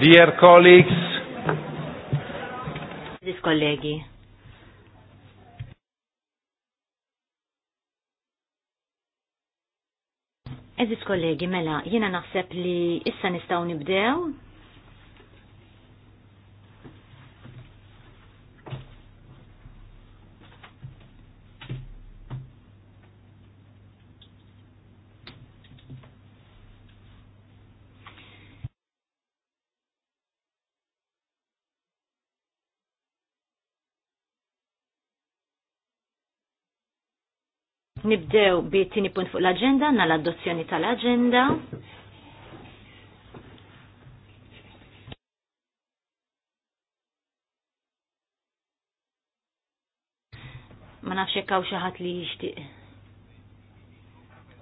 Dear colleagues. Dis kollegi. Eżis kollegi, mela, jina naħseb li issa nistaw nibdew Nibdew bi tini punt fuq l-agenda, na l-adozzjoni tal-agenda. Ma nafxie kaw xaħat xi ħadd li jixtieq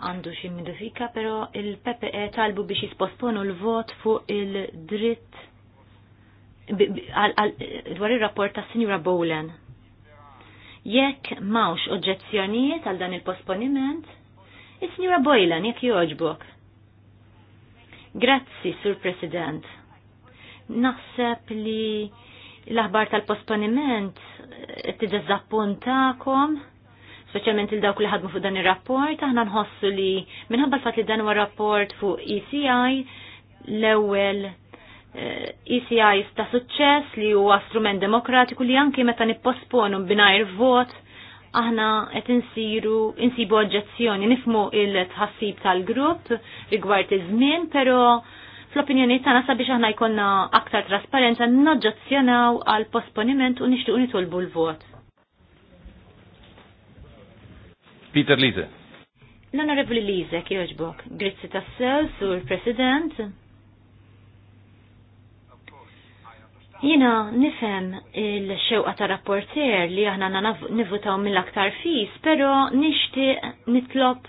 għandu xi modifika, però il-PPE talbu biex jisposponu l-vot fuq il-dritt dwar ir rapport tas Sinjura Bowlen Jekk mawx oġġezzjonijiet għal dan il-posponiment, is-Sinjura Bojlan jekk joġbok. Grazzi, Sur President. Naħseb li l-aħbar tal-posponiment eh, t-dizappuntakom, specialment il-dawk li ħadmu fuq dan il-rapport, aħna nħossu li minħabba l-fat li dan huwa rapport fuq ECI l-ewwel ECIs eh, e ta' suċċess li huwa strument demokratiku li anki meta nipposponu binajr vot aħna qed insiru insibu oġġezzjoni nifmu il-tħassib tal-grupp rigward iż-żmien, però fl-opinjoni tagħna sabiex aħna jkollna aktar trasparenza noġġezzjonaw għal posponiment u nixtiequ nitolbu l-vot. Peter Lise. L-Onorevoli Lise, kjoġbok. Grizzi tassew, Sur President. Jina nifem il-xewqa ta' rapporter li aħna nivutaw mill-aktar fis, pero nishti nitlop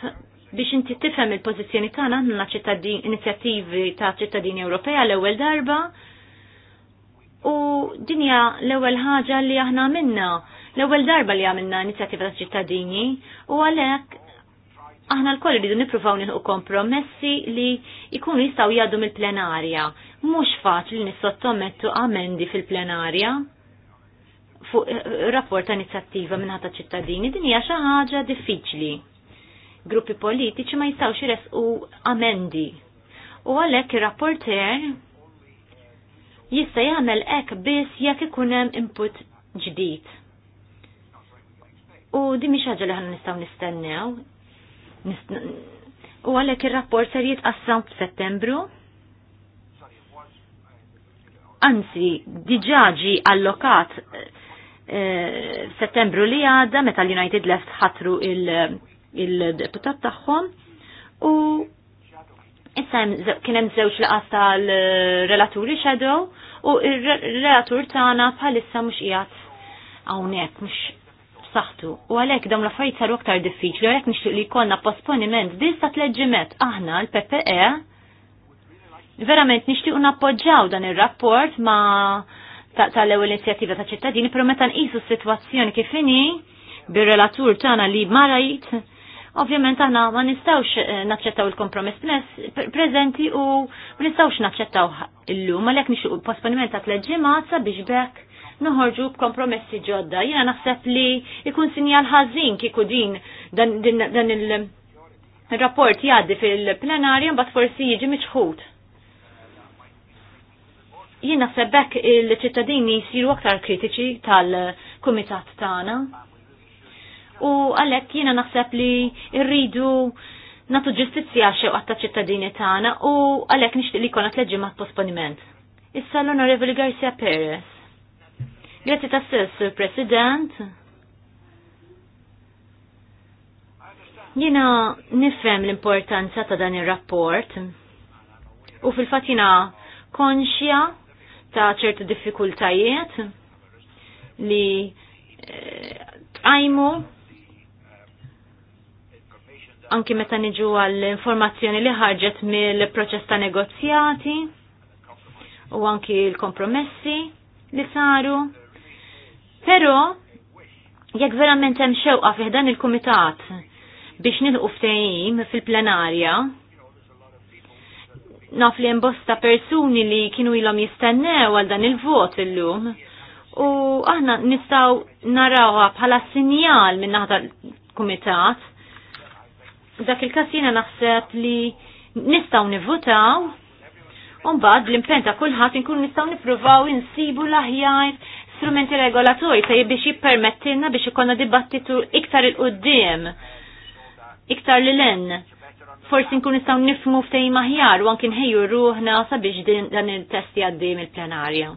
biex inti tifhem il-pożizzjoni tagħna għandna inizjattivi ta' ċittadini Ewropea l-ewwel darba u dinja l-ewwel ħaġa li aħna minna, l-ewwel darba li għamilna inizjativa ta' ċittadini u għalhekk aħna l-koll rridu nippruvaw nieħu kompromessi li jkunu jistgħu jgħaddu mill-plenarja mhux faċli nissottomettu amendi fil-plenarja fuq eh, rapport inizjattiva minn ħata ċittadini din hija xi ħaġa diffiċli. Gruppi politiċi ma jistgħux jiresqu amendi. U għalhekk ir-rapporter jista' jagħmel hekk biss jekk ikun hemm input ġdid. U di mhix ħaġa li ħana nistgħu nistennew. U għalhekk ir-rapport ser jitqassam f'Settembru anzi diġaġi allokat eh, settembru li għadda meta l-United left ħatru il-deputat tagħhom u issa kien hemm żewġ laqas tal-relaturi shadow u il-relatur tagħna bħalissa mhux qiegħed hawnhekk mhux saħtu. U għalhekk dawn l-affarijiet saru aktar diffiċli, għalhekk nixtieq li jkollna posponiment t-leġimet aħna l-PPE verament nixtiequ nappoġġaw dan ir-rapport ma tal-ewwel inizjattiva ta' ċittadini, però meta nqisu s-sitwazzjoni kif inhi bir-relatur tagħna li ma rajt, ovvjament aħna ma nistgħux eh, naċċettaw il-kompromess bless preżenti u ma nistgħux naċċettaw illum għalhekk nixtiequ posponiment ta' tliet ġimgħat bekk noħorġu b'kompromessi ġodda. Jiena naħseb li ikun sinjal ħażin kieku din dan, il-rapport jgħaddi fil-plenarja mbagħad forsi jiġi miċħud jien sebbek il-ċittadini jsiru aktar kritiċi tal-kumitat tagħna. U għalhekk jiena naħseb li rridu natu ġustizzja xew għatta ċittadini tagħna u għalhekk nixtieq li jkollna leġi ma' posponiment. Issa l-Onorevoli Garcia Perez. Grazie ta' stess, President. Jina nifhem l-importanza ta' dan ir-rapport u fil-fatt jina konxja ta' ċertu diffikultajiet li eh, tqajmu anki meta niġu għall-informazzjoni li ħarġet mill-proċess ta' negozjati u anki l-kompromessi li saru. Pero, jekk verament hemm xewqa fih dan il-kumitat biex nilqu ftehim fil-plenarja, naf li imbosta persuni li kienu ilhom jistennew għal dan il-vot illum. U aħna nistaw narawha bħala sinjal minn naħda kumitat. Dak il kasina naħseb li nistaw nivvotaw Umbad l impenta kullħat inkun nistaw nipruvaw insibu l-aħjar strumenti regolatori ta' biex jippermettilna biex ikonna dibattitu iktar il-qoddim, iktar l-len forsi nkun nistgħu nifmu ftejn aħjar u anke nħejju ruħna sabiex dan il-test jgħaddi mill-plenarja.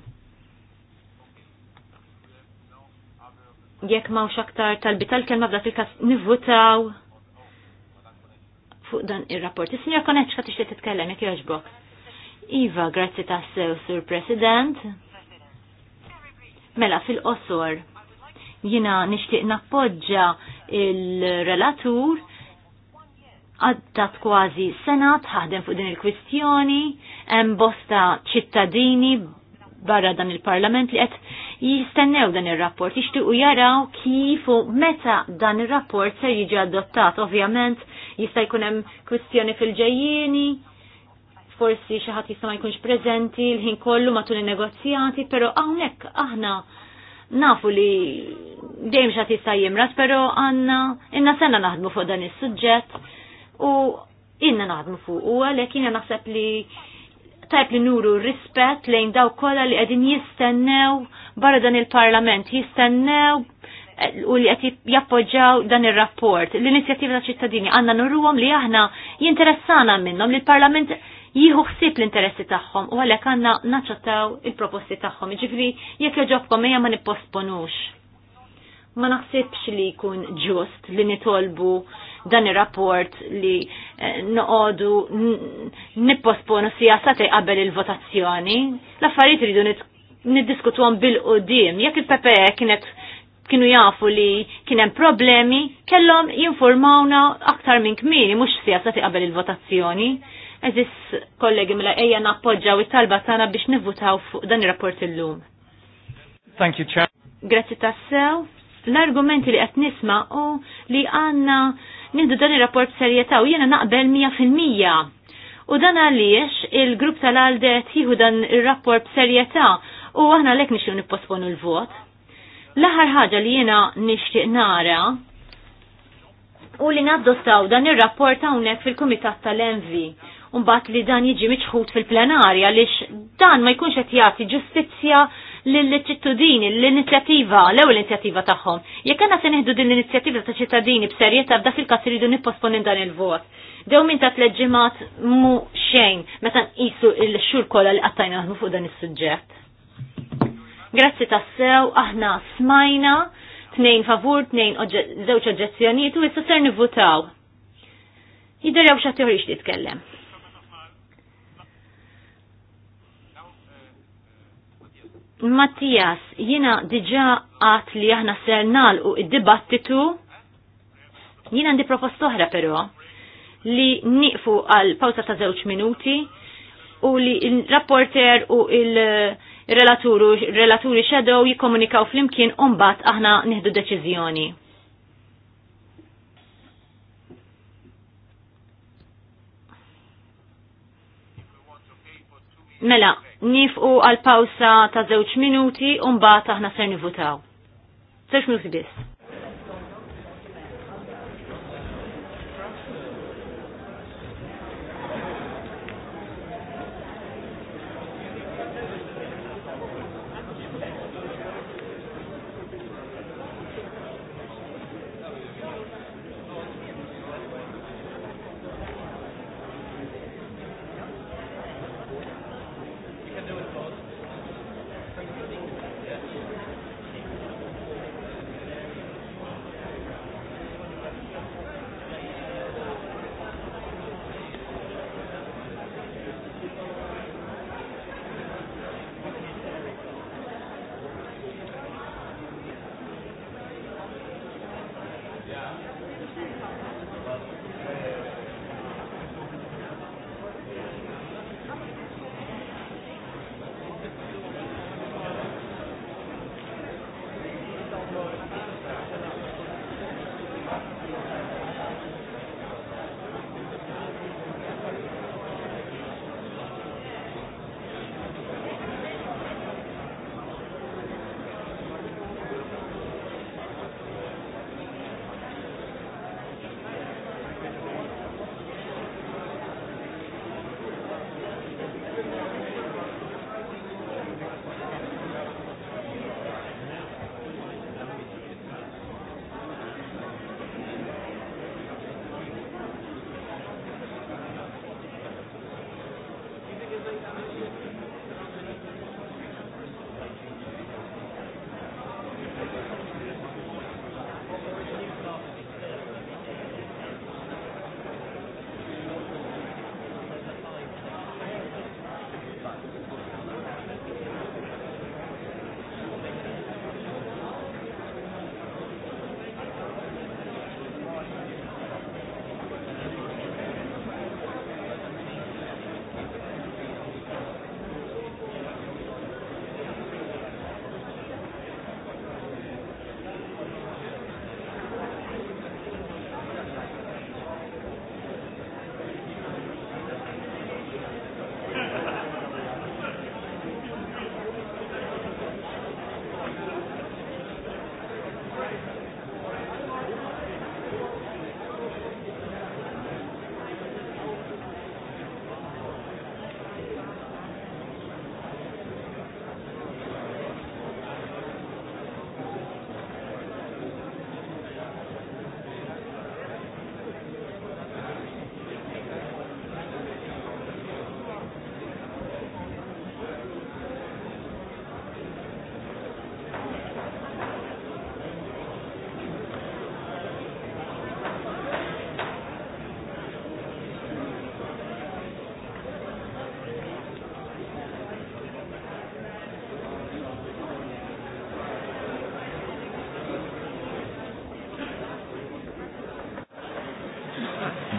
Jekk m'hawnx aktar talbi tal-kelma f'dak il-każ nivvutaw fuq dan ir-rapport. Is-Sinjor Koneċka tixtieq titkellem jekk jogħġbok. Iva, grazzi tassew, Sur President. Mela fil-qosor jina nishtiq nappoġġa il-relatur għaddat kważi sena tħadem fuq din il-kwistjoni, hemm bosta ċittadini barra dan il-parlament li qed jistennew dan ir-rapport, jixtiequ jaraw kif u meta dan ir-rapport se jiġi adottat. Ovvjament jista' jkun hemm kwistjoni fil-ġejjieni, forsi xi ħadd jista' ma jkunx preżenti l-ħin kollu matul in-negozjati, però hawnhekk aħna nafu li dejjem x'għad jista' jimras, però għandna inna sena naħdmu fuq dan is-suġġett u inna naħdmu fuq u għalek jina naħseb li tajb li nuru rispet lejn daw kolla li għedin jistennew barra dan il-parlament, jistennew eh, u li għet jappoġġaw dan il-rapport. L-inizjativa ta' ċittadini għanna nurruhom li aħna jinteressana minnom li l-parlament jieħu ħsieb l-interessi tagħhom u għalhekk għandna naċċettaw il-proposti tagħhom. Jiġifieri jekk joġobkom ejja ma nipposponux. Ma naħsibx li jkun ġust li nitolbu dan ir-rapport li eh, noqogħdu nipposponu sijasati qabel il-votazzjoni. L-affarijiet ridu niddiskutuhom bil-qudiem. Jekk il-PPE kienet kienu jafu li kien hemm problemi, kellhom jinformawna aktar minn kmini mhux sijasati qabel il-votazzjoni. Eżis kollegi mela eja nappoġġaw it-talba tagħna biex nivvutaw fuq dan ir-rapport illum. Thank you, Chair. Grazzi tassew. L-argumenti li qed nisma' u li għandna nindu dan ir-rapport serjeta u jiena naqbel 100%. U dan għaliex il-grupp tal għaldet jihu dan ir-rapport b'serjetà u aħna lek nixtieq nipposponu l-vot. L-aħħar ħaġa li jiena nixtieq nara u li naddottaw dan ir-rapport hawnhekk fil-Kumitat tal-Envi Umbat li dan jiġi miċħut fil-plenarja għaliex dan ma jkunx qed jagħti ġustizzja l ċittadini l-inizjattiva, l-ewwel inizjattiva tagħhom. Jekk għandna se neħdu din l-inizjattiva ta' ċittadini b'serjetà f'dak il-każ iridu nipposponi dan il-vot. Dew minn ta' ġimgħat mu xejn meta nqisu l-xhur kollha li qattajna naħdmu fuq dan is-suġġett. Grazzi tassew, aħna smajna, tnejn favur, tnejn żewġ oġġezzjonijiet u issa ser nivvutaw. Jidher jew xi titkellem. Mattias, jina diġa għat li aħna ser nalqu id-dibattitu, jina għandi proposta oħra però li niqfu għal pawza ta' żewġ minuti u li il-rapporter u il-relaturu, relaturi shadow jikomunikaw fl-imkien umbat aħna nieħdu deċiżjoni. Mela, nifqu għal pawsa ta' żewġ minuti u mbagħad aħna ser nivutaw. Żewġ minuti biss.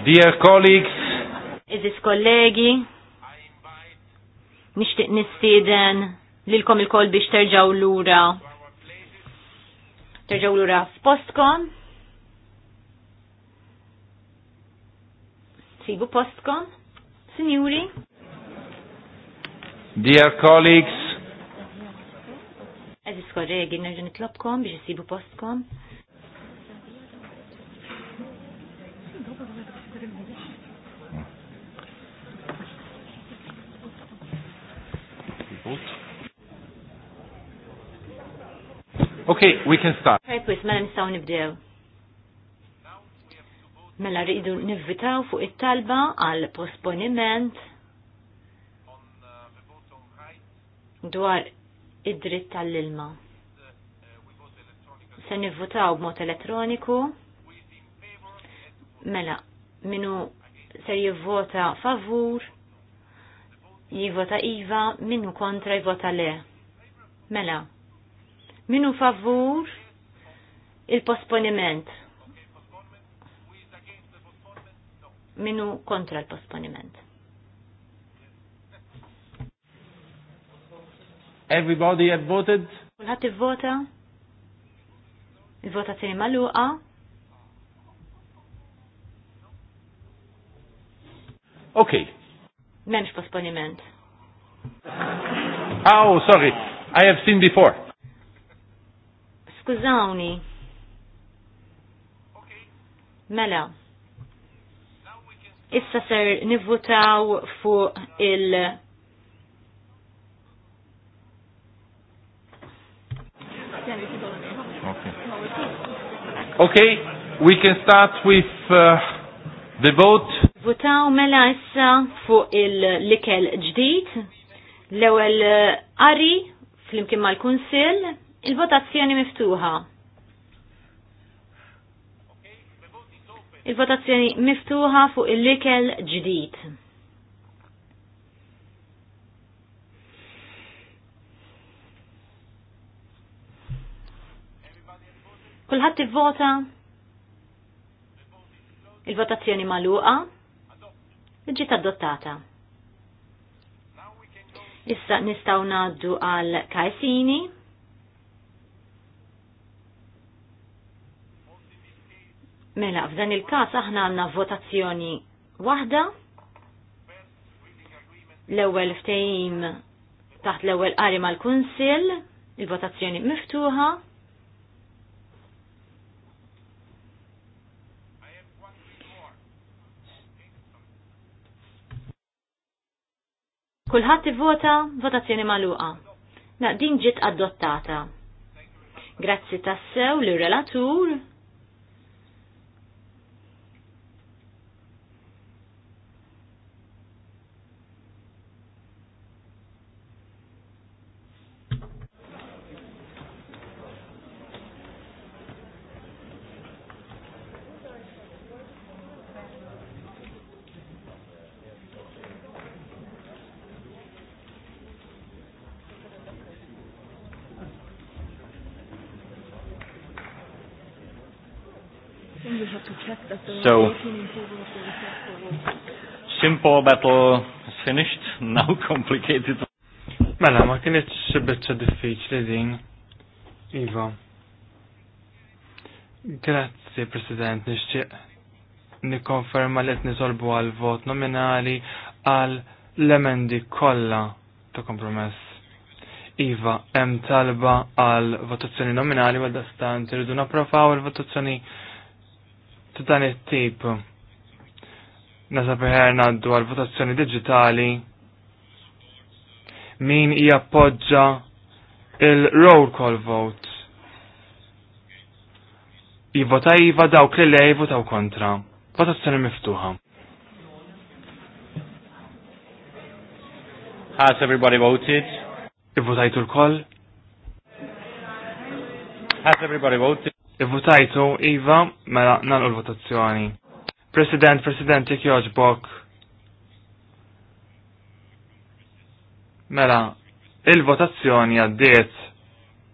Dear colleagues, Iżis kollegi, nishtiq nistiden lilkom il-kol biex terġaw lura. Terġaw lura postkom Sibu postkom, signori. Dear colleagues, Eżis kollegi, nerġan nitlobkom biex jisibu postkom. Okay, we can start. Purpose, mela nistaw nibdew. Mela rridu nivvitaw fuq it-talba għal posponiment dwar id-dritt tal-ilma. Se nivvutaw b'mod elettroniku. Mela, minu ser jivvota favur, jivvota iva, minu kontra jivvota le. Mela, Minu favur il-posponiment. Minu kontra il-posponiment. Everybody had voted? Kulħat il-vota? Il-votazzjoni vota maluqa? Okay. Memx posponiment. Ah, oh, sorry. I have seen before. Skużawni. Mela. Issa ser nivvutaw fuq il- Okay, we can start with uh, the vote. Votaw mela issa fuq il-likel ġdid, l-ewel uh, ari fl-imkien mal-Kunsill, Il-votazzjoni miftuħa. Il-votazzjoni miftuħa fuq il-likel ġdid. Kulħadd ivvota il-votazzjoni magħluqa ġiet adottata. Issa nistgħu ngħaddu għal Kajsini. Mela, f'dan il-kas aħna għanna votazzjoni wahda, l-ewel ftejim taħt l-ewel qari mal-kunsil, il-votazzjoni miftuħa. Kulħadd ivvota votazzjoni magħluqa. Na din ġiet adottata. Grazzi tassew lir relatur So, simple battle is finished, now complicated. Mela, ma kienieċ bieċa diffiċli din, Iva. Grazzi, President, nixtieq nikkonferma li qed nisolbu għal vot nominali għal l-emendi kollha ta' kompromess. Iva, hemm talba għal votazzjoni nominali għal dastan irridu napprovaw il-votazzjoni ta' dan it-tip. Nasab ħerna votazzjoni digitali min jappoġġa il-roll call vote. Jivota jiva dawk li lej jivotaw kontra. Votazzjoni miftuħa. Has everybody voted? Ivvotajtu l-koll? Has everybody voted? Il-votajtu, Iva mela nagħmlu l-votazzjoni. President, President, jekk joġbok. Mela, il-votazzjoni għaddiet.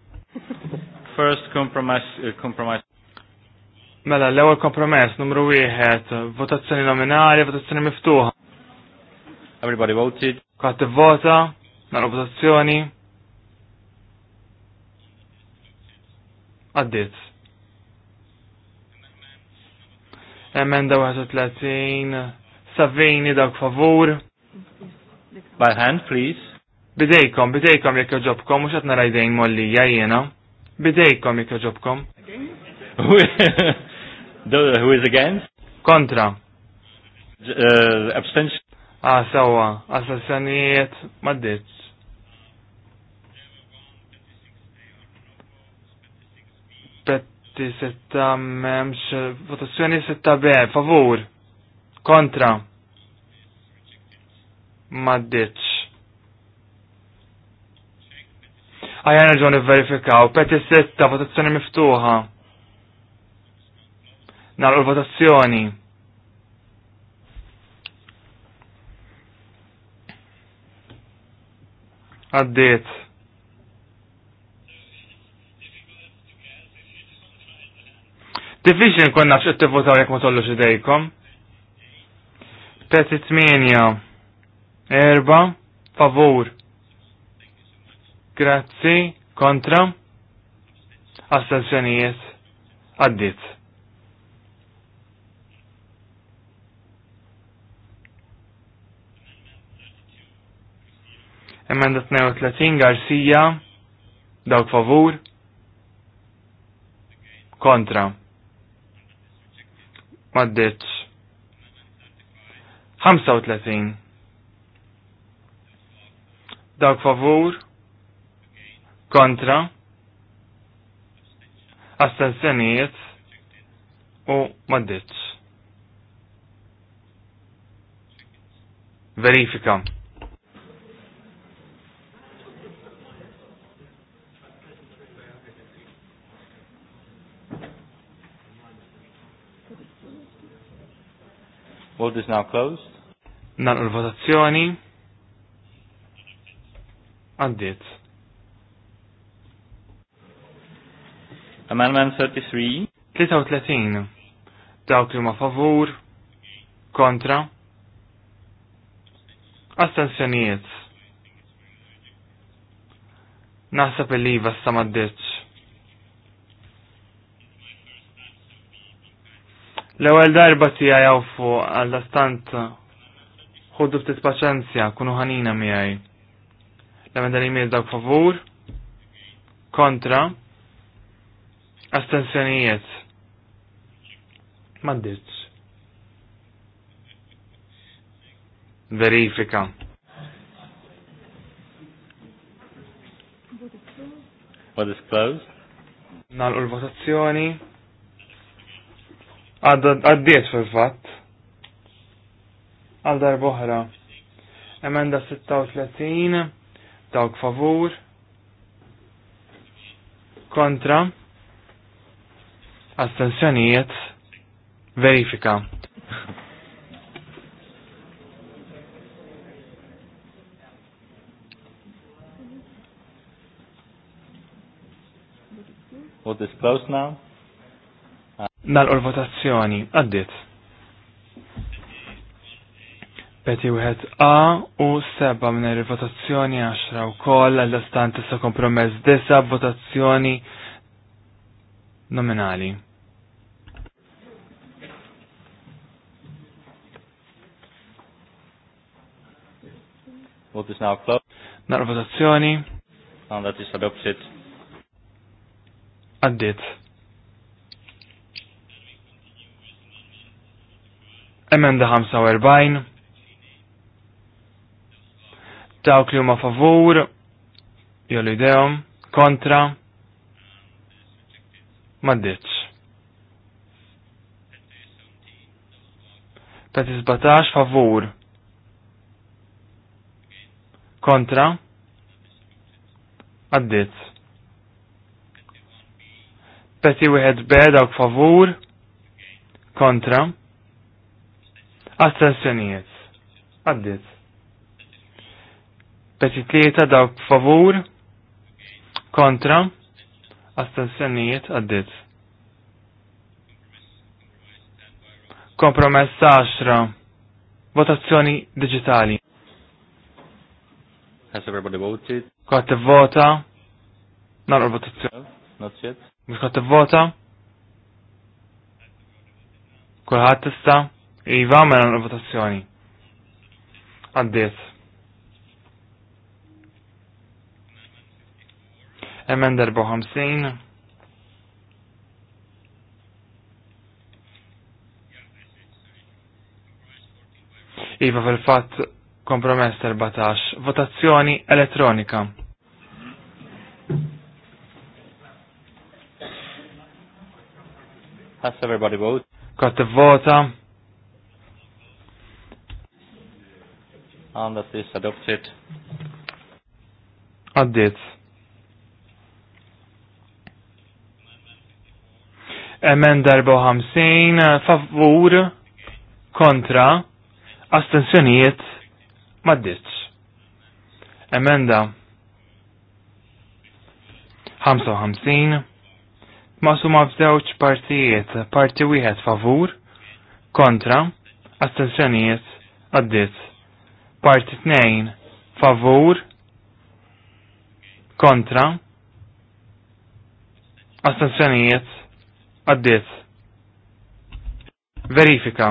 First compromise, uh, compromise. Mela, l-ewwel kompromess numru wieħed, votazzjoni nominali, votazzjoni miftuħa. Everybody voted. Kat vota, nagħlqu votazzjoni. Għaddiet. Emenda 31. Savini dawk favur. By hand, please. Bidejkom, bidejkom jekk joġobkom, mux għatna rajdejn mollija jiena. Bidejkom jekk joġobkom. Who is against? Kontra. Uh, abstention. Ah, sawa, assassaniet, maddiċ. Parti setta memx, votazzjoni setta B, favur, kontra, maddiċ. Għajan raġuni verifikaw, peti setta, votazzjoni miftuħa. Nalqu l-votazzjoni. Għaddiet. Division konna xqed tivvotaw jekk ma tollux idejkom. Peti 8 erba favur. Grazzi kontra astensjonijiet għaddit. Emenda 32 Garcia dawk favur kontra maddeċ 35 dawk favur kontra astensjonijiet u maddeċ verifika Vote is now closed. Nal votazzjoni. Għaddiet. Amendment 33. 33. Dawk li ma favur. Kontra. Astensjonijiet. Nasa il-liva s L-ewwel darba tiegħi hawn fuq għall-astant ħuddu ftit paċenzja kunu ħanina għaj. L-emenda li miel dawk favur, kontra, astensjonijiet. Maddiċ. Verifika. What is closed? Nalqu l-votazzjoni għaddiet fil-fatt għal darboħra emenda 36 dawk favur kontra astensjonijiet verifika What is close now? Nalqu l-votazzjoni, għaddit. Peti wieħed A u seba minn il-votazzjoni 10 u koll għall-istant issa kompromess disa votazzjoni nominali. Vote now Nar votazzjoni. And that is Addit. Emenda 45. Dawk li huma favur, li idejhom, kontra, maddiċ. Peti 17 favur, kontra, għaddit. Peti wieħed b dawk favur, kontra, Astensjonijiet. Għaddit. Peti tlieta dawk favur. Kontra. Astensjonijiet. Għaddit. Kompromessa għaxra, Votazzjoni digitali. Has everybody voted? Kwaħt vota. Nar votazzjoni. Not yet. Mux kwaħt vota. Kulħat tista' Iva mela l votazzjoni. Għaddiet. Emenda 54. Iva fil-fat kompromess 14. Votazzjoni elettronika. Has everybody vote? Got the vota. and that is adopted. Għaddit. Emen darba ħamsin, favur, kontra, astensjonijiet, maddiċ. Emenda. 55. Masuma f'żewġ partijiet, parti wieħed favur, kontra, astensjonijiet, għaddit Parti 2 favur kontra Astensjonijiet għaddiet. Verifika.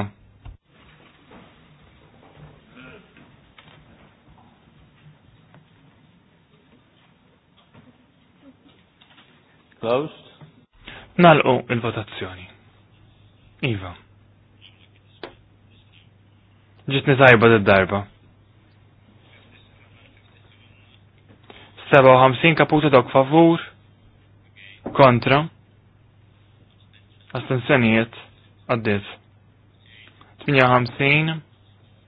Closed. Nalqu il-votazzjoni. Iva. Ġitni tajba d-darba. 57 kaputa dawk favur kontra astensjonijiet għaddit 58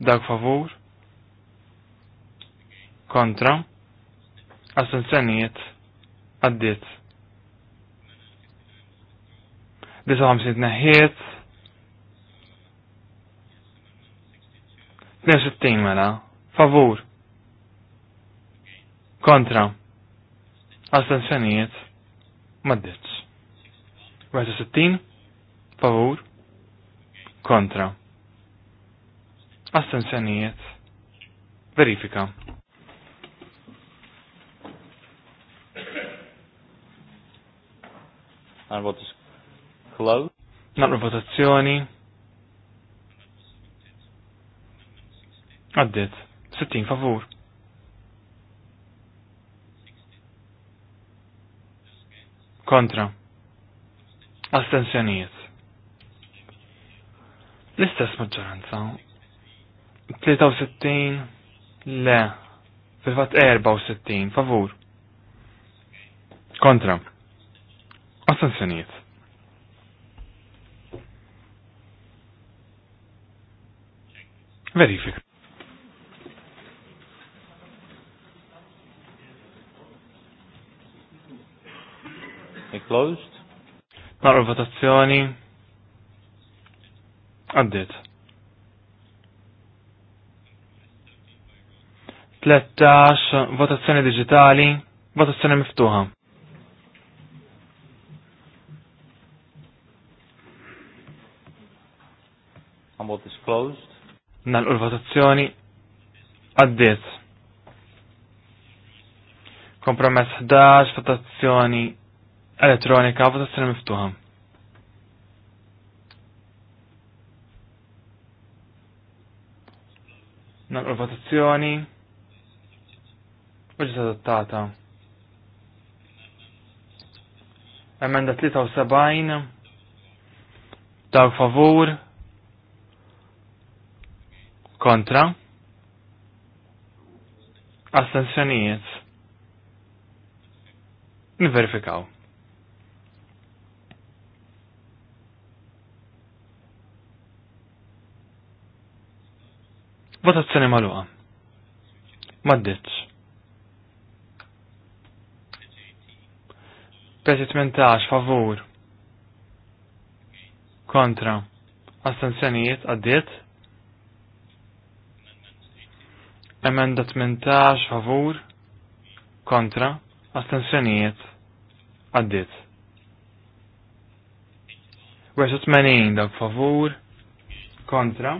dawk favur kontra astensjonijiet għaddit 59 neħiet 62 mela favur kontra astensjonijiet maddiċ. sittin, favur kontra astensjonijiet verifika. And votazzjoni. Għaddit. 60 favur. kontra astensjonijiet. L-istess maġġoranza 63 le fil-fatt 64 favur kontra astensjonijiet. Verifika. It closed. Naqra votazzjoni. Għaddit. Tlettax, votazzjoni digitali, votazzjoni miftuħa. And is closed? l-votazzjoni għaddiet. Kompromess 11, votazzjoni elettronika votazzjoni miftuħa. Naqra votazzjoni u ġiet adottata. Emenda 73 daw favur kontra astensjonijiet. Nverifikaw. Votazzjoni maluqa. Maddiċ. Pesi 18 favur. Kontra. Astenzjonijiet għaddiet. Emenda 18 favur. Kontra. Astenzjonijiet għaddiet. Versu 80 dak favur. Kontra.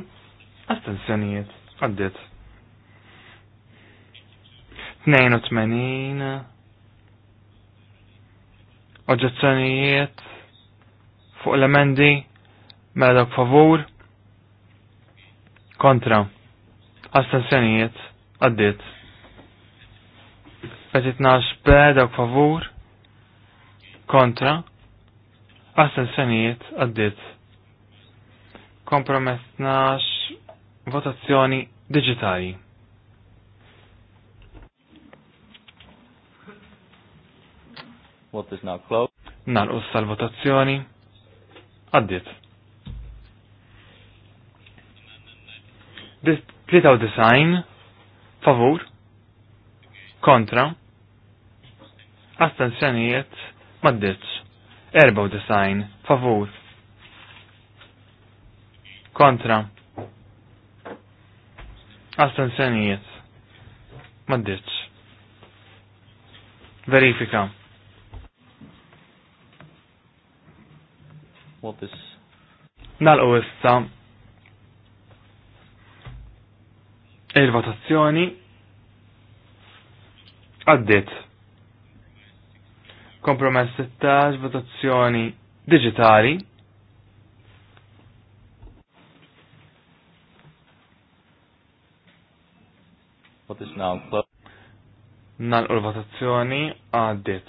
Astenzjonijiet Għaddit. 82 oġġezzjonijiet fuq l-emendi mela favur kontra astensjonijiet għaddit. Petit nax beda favur kontra astensjonijiet għaddit. Kompromess nax votazzjoni digitali. What is now closed? Nalqu sal-votazzjoni. Addit. 39 favur kontra astensjonijiet maddiċ 94 favur kontra senijiet. Maddiċ. Verifika. What is? Nal-u issa. Il-votazzjoni. Għaddit. Kompromess 16, votazzjoni digitali. What is now closed? Nal votazzjoni għaddit.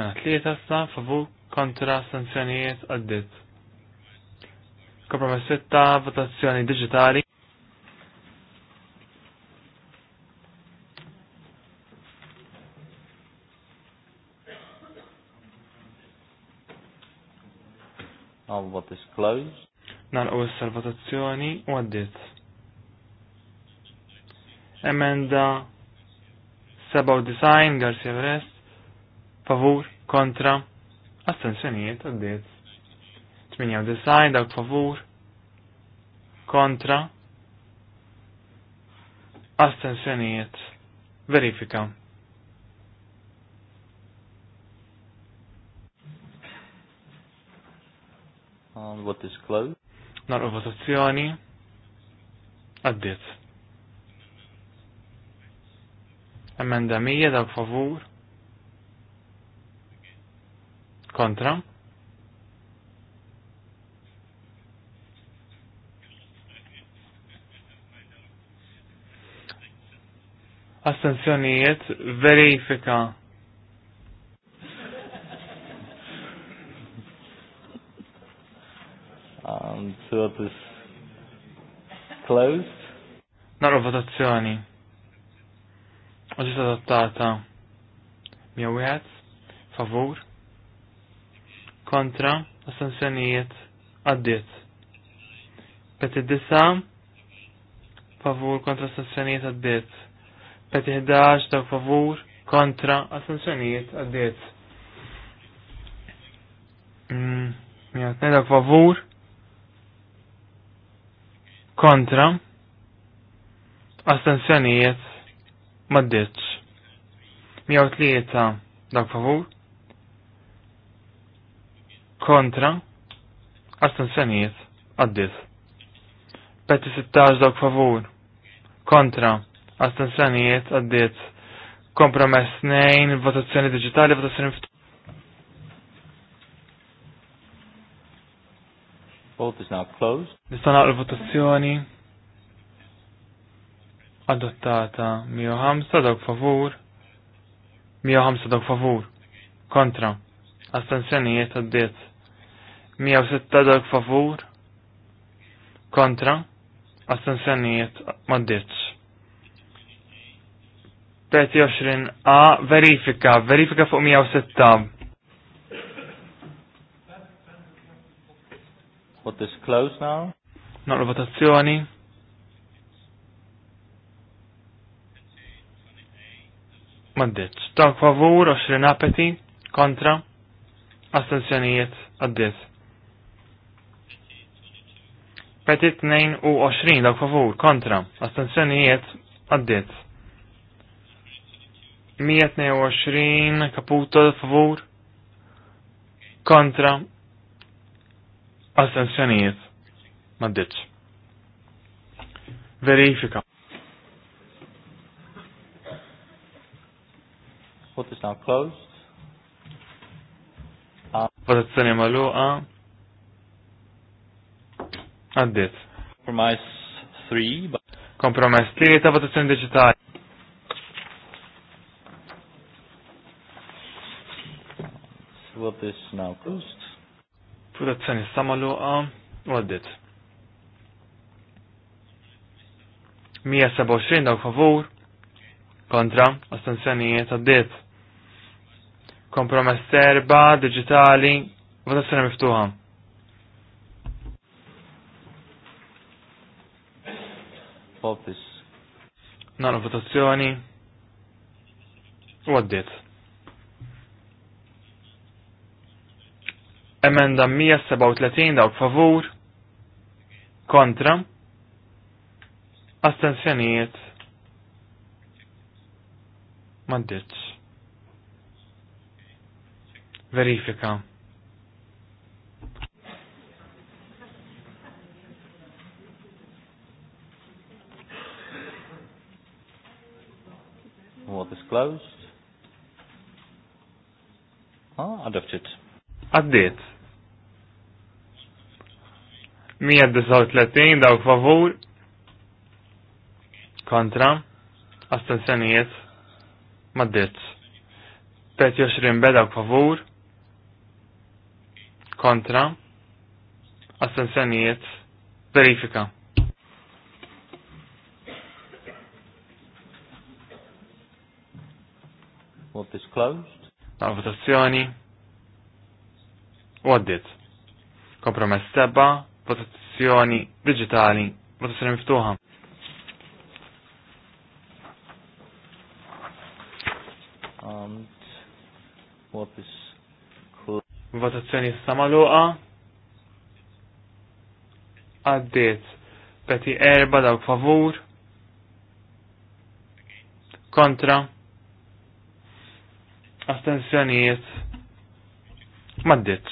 Mena tlieta sa favur kontra sanzjonijiet għaddit. Kompromessetta votazzjoni digitali. All what is closed u s-salvatazzjoni u għaddit. Emenda 97 Garcia Verest, favur, kontra, astensjonijiet għaddit. 98 dawk favur, kontra, astensjonijiet, verifika. Um, what is closed? nar votazzjoni għaddiet. Emenda Mija dawk favur kontra Astenzjonijiet verifika und closed. Nara votazzjoni. U adottata. mia wieħed favur kontra astensjonijiet addiet. Peti disa favur kontra astensjonijiet addiet. Peti 11 dak favur kontra astensjonijiet għaddiet. Mm, mia, tnejn dak favur kontra astensjonijiet maddiċ. tlieta dak favur kontra astensjonijiet għaddit. Petti 16 dak favur kontra astensjonijiet għaddit. Kompromess 2 votazzjoni digitali, votazzjoni Vote is now closed. Nista' l votazzjoni adottata 105 dawk favur 105 dawk favur kontra jiet għaddiet 106 dawk favur kontra jiet maddiċ 23 a verifika verifika fuq 106 put this close now? Naqra votazzjoni. Maddit. Dawk favur, 20 apeti, kontra, astenzjonijiet, Addit. Petit 22, dawk favur, kontra, astenzjonijiet, għaddit. 122, kaputo, favur, kontra, ma ditx. Verifika. Vot is now closed. Uh, votazzjoni maluqa. Għaddit. Compromise 3. Compromise 3 ta' votazzjoni digitali. Vot is now closed. Votazzjoni samaluqa u għaddit. 127 daw favur kontra astensjonijiet għaddit. Kompromess serba, digitali, votazzjoni miftuħa. Popis. Nagħmlu votazzjoni u għaddit. Emenda 137 dawk favur. Kontra. Astenzjonijiet. maddit. Verifika. What is closed? Ah, adopted. Addiet. 139 dawk favur kontra astensjonijiet maddiz. Bet 20 beda favur kontra astensjonijiet verifika. Vot is closed. Nal votazzjoni. Waddit. Kompromess seba, votazzjoni digitali, protezzjoni miftuħa. Um, what Votazzjoni samaluqa. Għaddiet. Peti erba dawk favur. Kontra. Astensjonijiet. Maddiet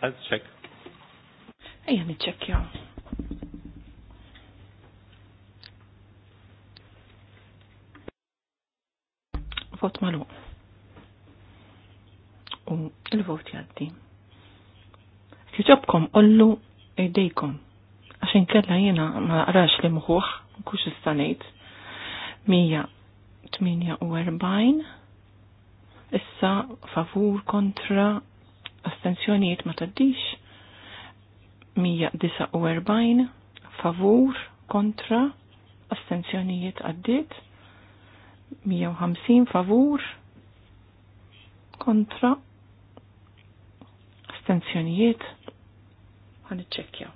I'll check Ejja niċċekkjaw. Vot malu. U il-vot jaddi. Kħiġobkom ollu idejkom. Għaxin kella jena ma raċ li muħuħ, kux istanejt. 148 issa favur kontra astensjonijiet ma taddix 149 favur kontra astenzjonijiet għaddit 150 favur kontra astenzjonijiet għan iċċekkja.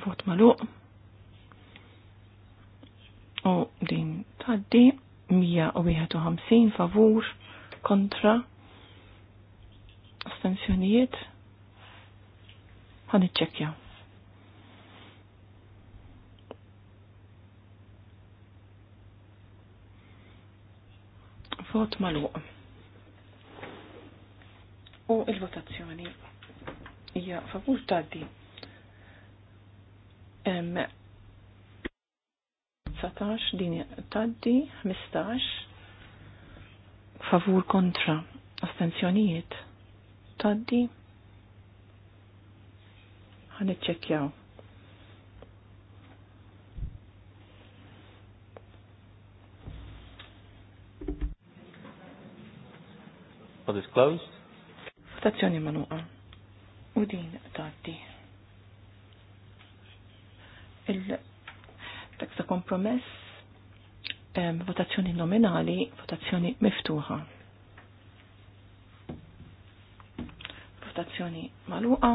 Vot maluq u din taddi 151 favur kontra astensjonijiet ħan iċċekja. Vot maluq. U il-votazzjoni hija favur tgħaddi. 19 din taddi 15 favur kontra astenzjonijiet taddi ħaniċċekjaw. What is closed? Stazzjoni manuqa. U din taddi ta' kompromess, votazzjoni nominali, votazzjoni miftuħa. Votazzjoni maluqa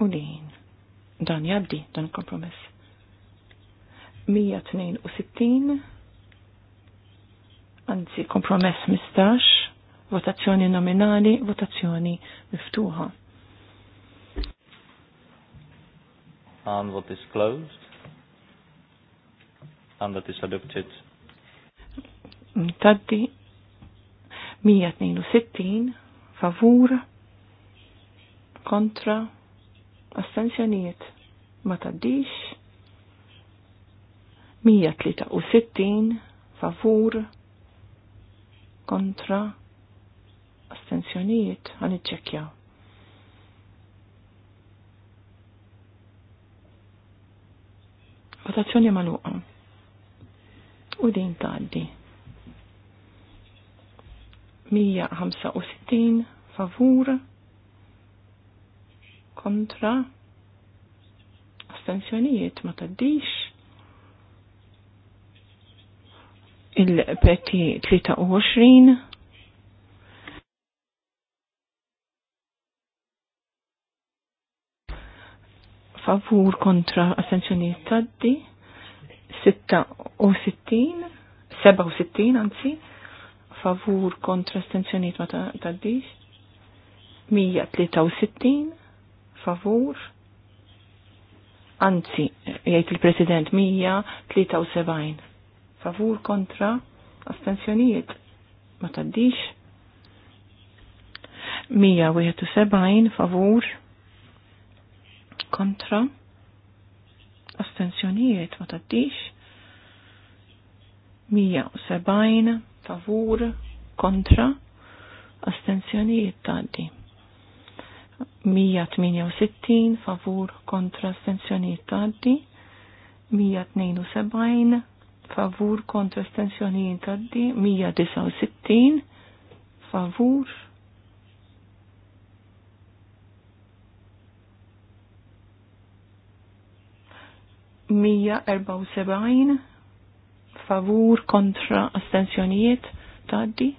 u lin. Dan jaddi, dan kompromess. 162, anzi kompromess 15, votazzjoni nominali, votazzjoni miftuħa. And what is closed? and that is adopted. Taddi 162 favur kontra astensjonijiet ma taddix 163 favur kontra astensjonijiet għan iċċekja. Votazzjoni maluqa u din tgħaddi. 165 favur kontra astensjonijiet ma taddix il-peti 23 favur kontra astensjonijiet taddi 67 anzi, favur kontra stenzjoniet ma taddix, 163 favur, anzi, jgħid il-President 173 favur kontra astenzjonijiet ma taddix, 171 favur kontra astensjonijiet ma taddix 170 favur kontra astenzjonijiet taddi 168 favur kontra astenzjonijiet taddi 172 favur kontra astenzjonijiet taddi 169 favur 174 favur kontra astensjonijiet taddi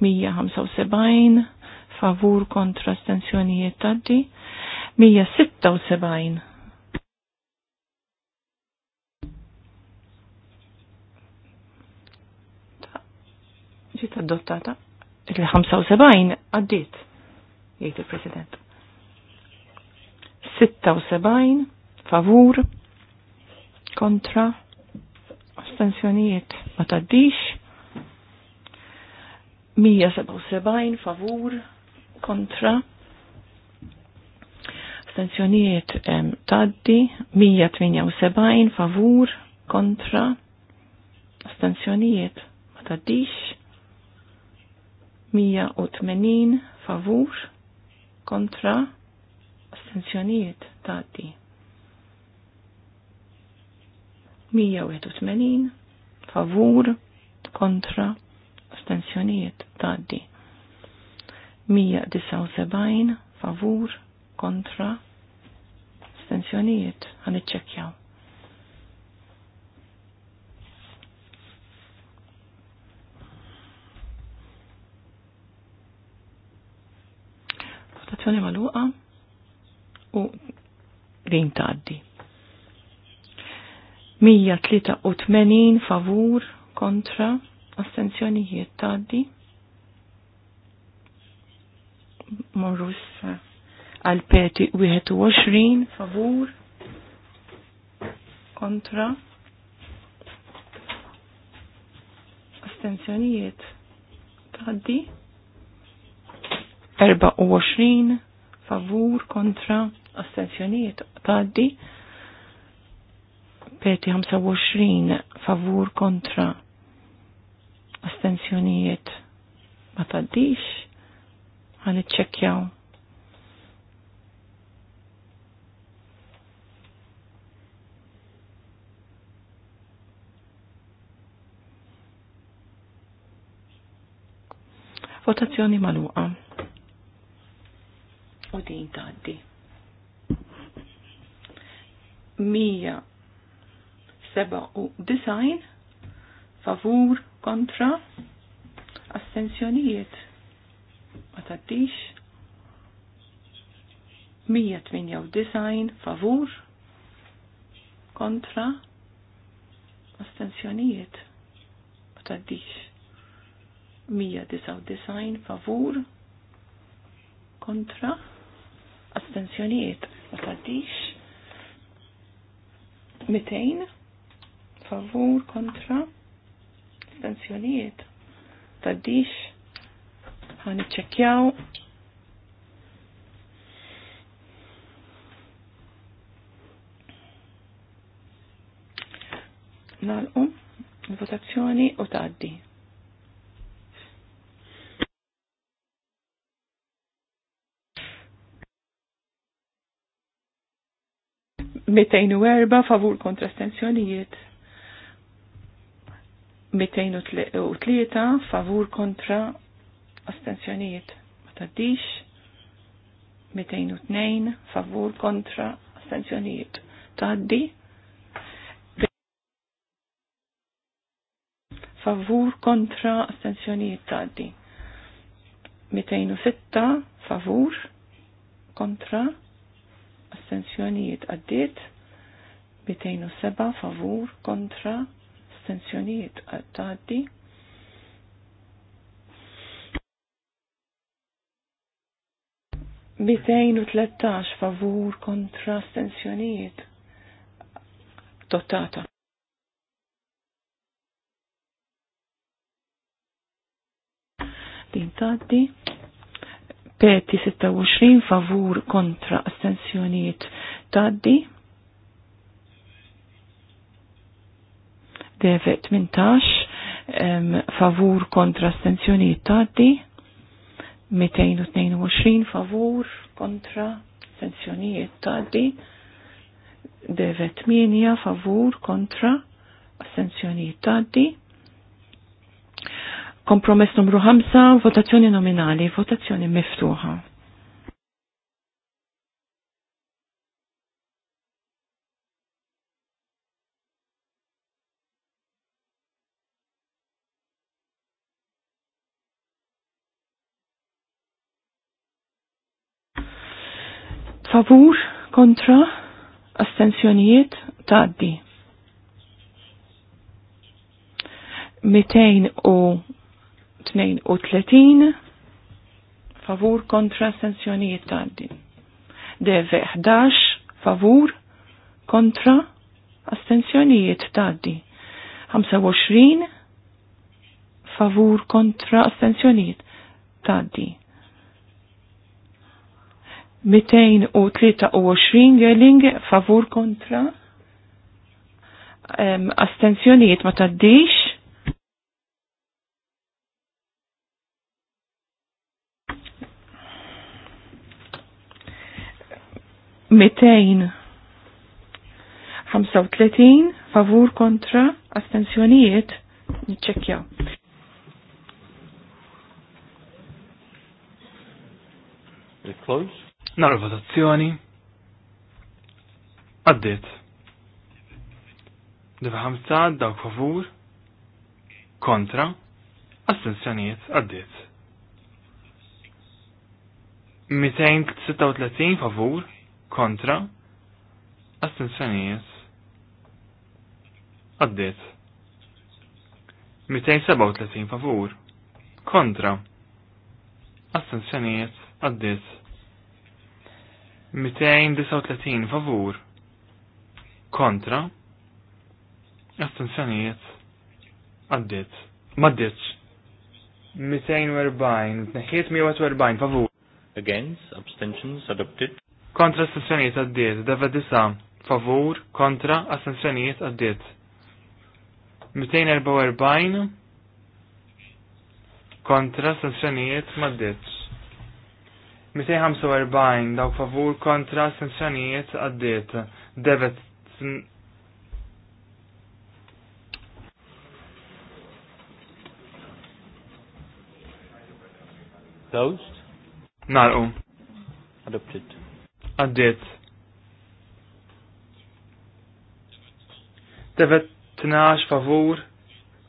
175 favur kontra astensjonijiet taddi 176 ġiet adottata il-75 għaddit jgħid il-President 76 favur, kontra, astensjonijiet ma taddix, 177 favur, kontra, astensjonijiet taddi, 178 favur, kontra, astensjonijiet ma taddix, 180 favur, kontra, astensjonijiet taddi. 181 favur kontra astensjonijiet taddi 179 favur kontra astensjonijiet għan iċċekjaw. Votazzjoni maluqa u din taddi. 183 favur kontra astenzjonijiet taddi. Morrus għal peti 21 favur kontra astenzjonijiet taddi. 24 favur kontra astenzjonijiet taddi. Peti 25 favur kontra astensjonijiet ma taddix għan iċċekjaw. Votazzjoni maluqa. U din taddi. Mija 97 favur kontra astensjonijiet ma taddix 198 favur kontra astensjonijiet ma taddix 199 favur kontra astensjonijiet ma taddix 200 favur kontra stanzjonijiet taddix ħan iċċekjaw nalqu votazzjoni u taddi. Mitejn erba favur kontra stenzjonijiet 203 favur kontra astenzjonijiet ma taddix 202 favur kontra astenzjonijiet taddi favur kontra astenzjonijiet taddi 206 favur kontra astenzjonijiet għaddiet 207 favur kontra astenzjonijiet għaddaddi. Bitejn u tlettax favur kontra stensjonijiet dotata. Din taddi peti 26 favur kontra stensjonijiet taddi. Deve 18 favur kontra astenzjonijiet taddi 222 favur kontra astenzjonijiet taddi Deve 8 favur kontra astenzjonijiet taddi Kompromess numru 5, votazzjoni nominali, votazzjoni miftuħa. favur kontra astensjonijiet taddi. 232 favur kontra astensjonijiet taddi. DV 11 favur kontra astensjonijiet taddi. 25 favur kontra astensjonijiet taddi. 223 gelling favur kontra um, astenzjonijiet ma taddix Mitejn ħamsa u tletin favur kontra Is it Close. Nar votazzjoni. Għaddit. Diva ħamsa dawk favur. Kontra. Astenzjonijiet għaddit. 236 favur kontra astenzjonijiet għaddiet 237 favur kontra astenzjonijiet għaddiet 239 favur kontra astensjonijiet għaddit maddiċ 240 tneħħiet 140 favur against abstentions adopted kontra astensjonijiet għaddit deva disa favur kontra astensjonijiet għaddit 244 kontra astensjonijiet maddiċ 245 dawk favur kontra sanzjonijiet għaddiet. Devet Closed? Nalqu. Adopted. Għaddiet. Devet 12 favur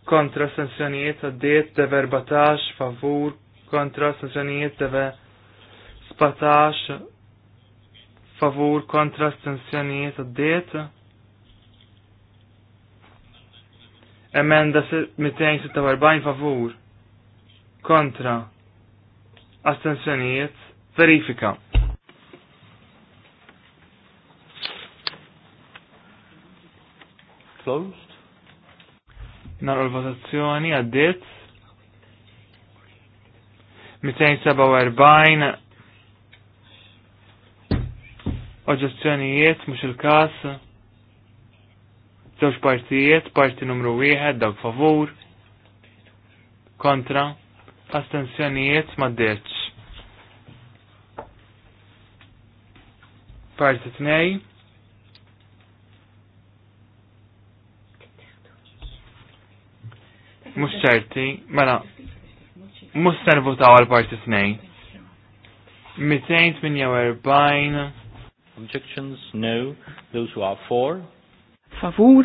kontra sanzjonijiet għaddiet. Devet 14 favur kontra sanzjonijiet. Devet patax favur kontra astensjonijiet diet Emenda 246 favur kontra astensjonijiet verifika. Closed. Nar l-votazzjoni għaddiet. 247 oġġezzjonijiet mhux il-każ. Żewġ partijiet, parti numru wieħed dawk favur, kontra, astensjonijiet ma' deċ. Parti tnej. Mux ċerti, mela, mux servutaw għal parti tnej. 248 Objections? No. Those who are for? Favur,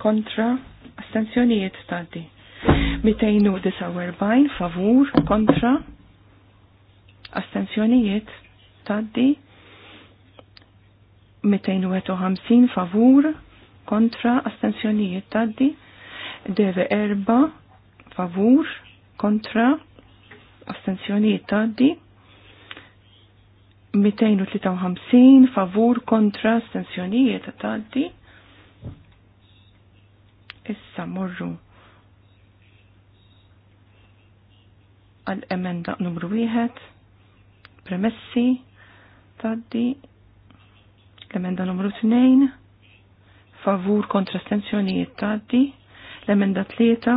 contra, astenzjonijiet tati. 249 favur, kontra, astenzjonijiet tati. 251 favur, kontra, astensjonijiet tati. Deve erba, favur, kontra, astensjonijiet tati. 253 favur kontra stensjonijiet taddi. Issa morru għal emenda numru 1 premessi taddi l-emenda numru 2 favur kontra stensjonijiet taddi l-emenda 3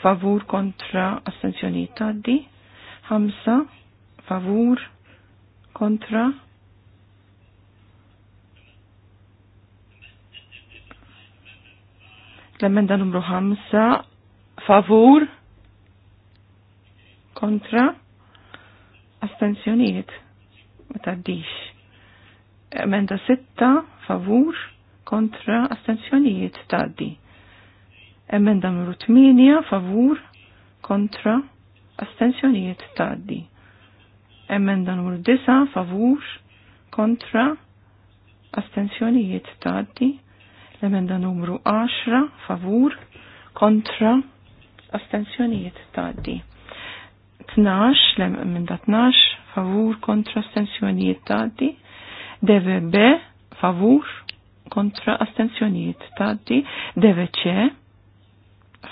favur kontra astensjonijiet taddi 5 favur kontra l-emenda numru 5 favur kontra astensjoniet ma taddix emenda 6 favur kontra astensjoniet taddi emenda numru 8 favur kontra astensjoniet taddi Emenda numru 9 favur kontra astensjonijiet taddi. L-emenda numru 10 favur kontra astensjonijiet taddi. 12, l-emenda 12 favur kontra astensjonijiet taddi. DVB favur kontra astensjonijiet taddi. DVC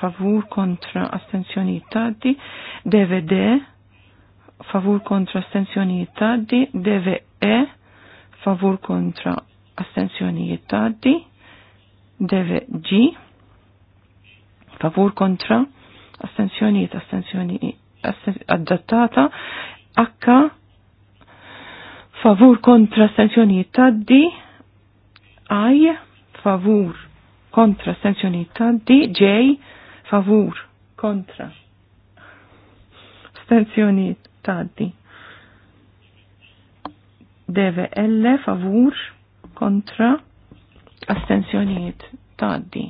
favur kontra astensjonijiet taddi. DVD favur kontra astensjonijiet taddi, DVE e, favur kontra astensjonijiet taddi, DVG favur kontra astensjonijiet astensjonijiet adattata, H favur kontra astensjonijiet taddi, I favur kontra astensjonijiet taddi, J favur kontra astensjonijiet taddi. Deve L favur kontra astensjonijiet taddi.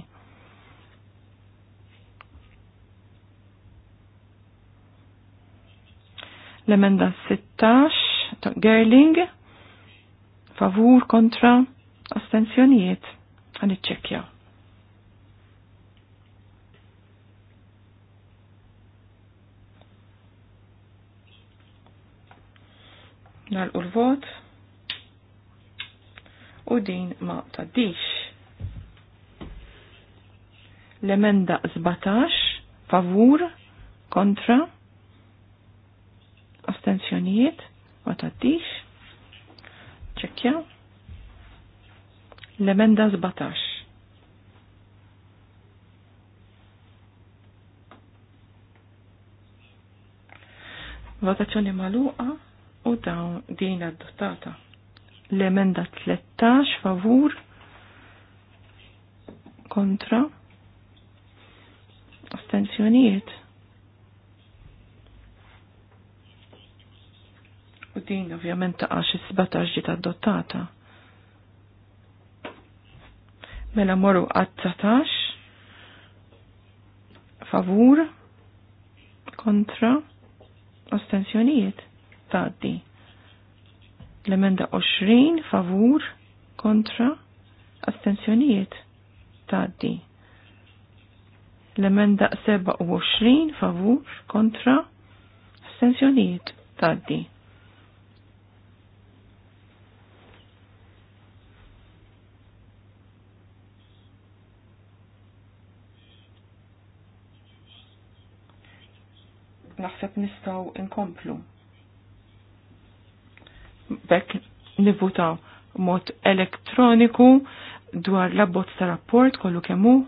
L-emenda 16 Gerling favur kontra astensjonijiet għan iċċekja. Nalqu l-vot. U din ma taddix. L-emenda 17, favur, kontra, astensjonijiet, ma taddix. Ċekja. L-emenda 17. Votazzjoni maluqa u dawn din adottata. L-emenda 13 favur kontra astenzjonijiet. U din ovvjament ta' 17 ġiet adottata. Mela morru għad favur kontra astenzjonijiet taddi. L-emenda 20 favur kontra astensjonijiet taddi. L-emenda 27 favur kontra astensjonijiet tati. naħseb nistaw inkomplu bekk nivvutaw mod elektroniku dwar l-abbozz ta' rapport kollu kemmu.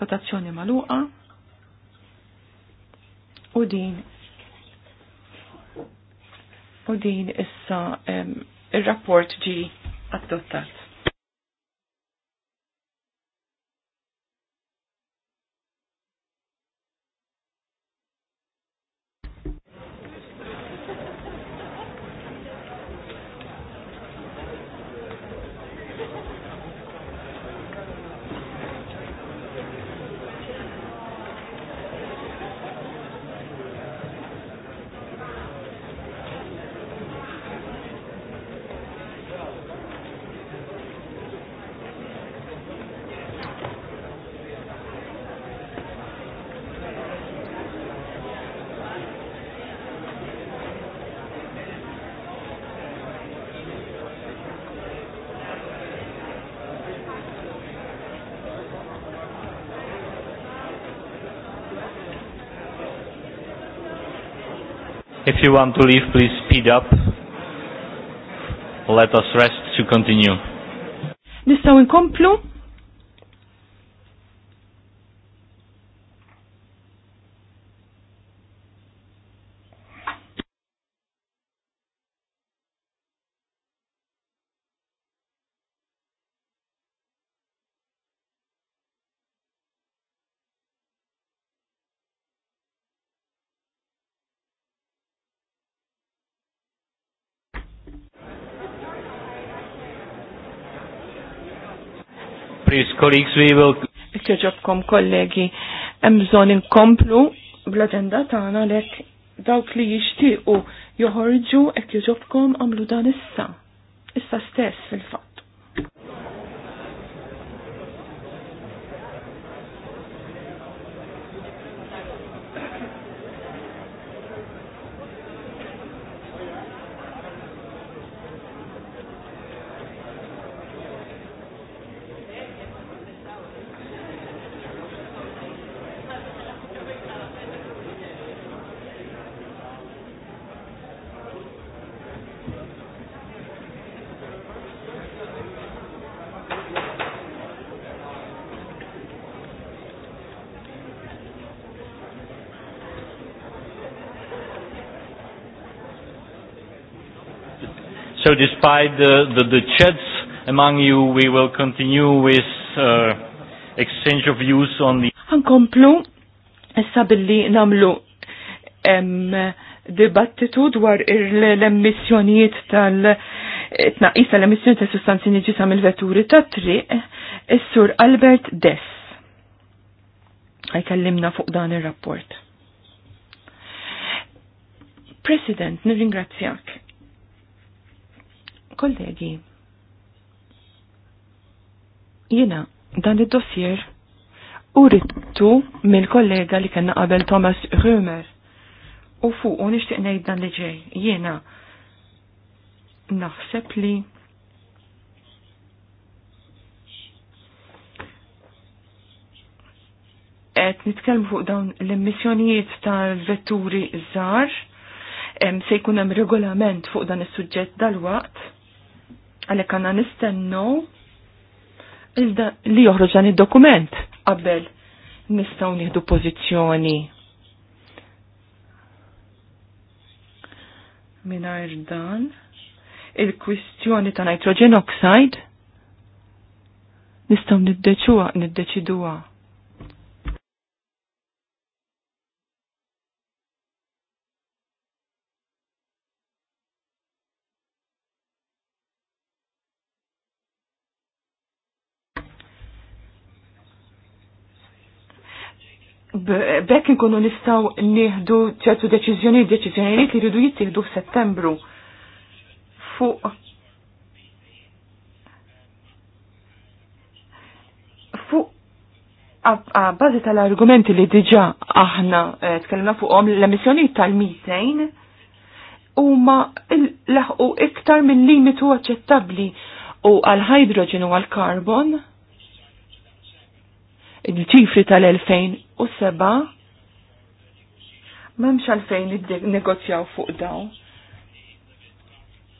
Votazzjoni maluqa. U din. U din issa il-rapport ġi adottat. If you want to leave, please speed up. Let us rest to continue. Nistaw inkomplu? colleagues, we will... Ikkeġobkom kollegi, emżon inkomplu bl-agenda tagħna lek dawk li jixtiequ joħorġu ekk joġobkom għamlu dan issa. Issa stess fil-fatt. So despite the, the, the chats among you, we will continue with uh, exchange of views on the... Għankomplu, issa billi namlu dibattitu dwar l-emissjonijiet tal- tnaqisa tal-emissjoni ta' sustanzi nġisa mill-vetturi ta' triq, is-sur Albert Dess. Għajkallimna fuq dan ir rapport President, nirringrazzjak Kollegi, jina dan id-dossier urittu mill-kollega li kena qabel Thomas Römer u fuq u nishtiq ngħid dan li ġej. Jiena naħseb li qed nitkellmu fuq dawn l-emissjonijiet tal-vetturi żgħar se jkun hemm regolament fuq dan is-suġġett dal-waqt Għalek għanna nistennu li joħroġ dan il-dokument qabel nistaw nieħdu pożizzjoni. Minar dan il-kwistjoni ta' nitrogen oxide nistaw niddeċuwa niddeċiduwa. bekk nkunu nistaw nieħdu ċertu deċiżjoni, deċiżjonijiet li rridu jittieħdu f'Settembru fuq fuq bażi tal-argumenti li diġà aħna eh, tkellimna fuqhom l-emissjonijiet tal-mitejn huma laħqu iktar minn limitu aċċettabbli u għal hydrogen u għal carbon il-ċifri tal-2000 u seba memx għalfejn negozjaw fuq daw.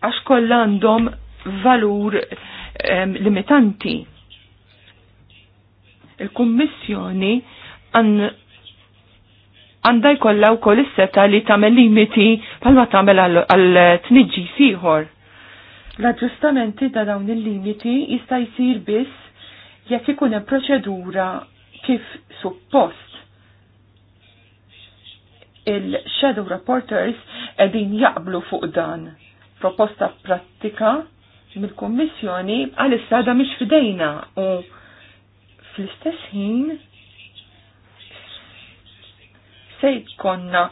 Għax kollha għandhom valur em, limitanti. Il-Kummissjoni għandha jkollha wkoll is-seta li tagħmel limiti bħalma tagħmel għal tniġġi siħor L-aġġustamenti ta' dawn il-limiti jista' jsir biss jekk ikun hemm proċedura kif suppost il-Shadow Reporters edin jaqblu fuq dan. Proposta pratika mill-Kommissjoni għal da mhix fidejna u fl-istess ħin se jkonna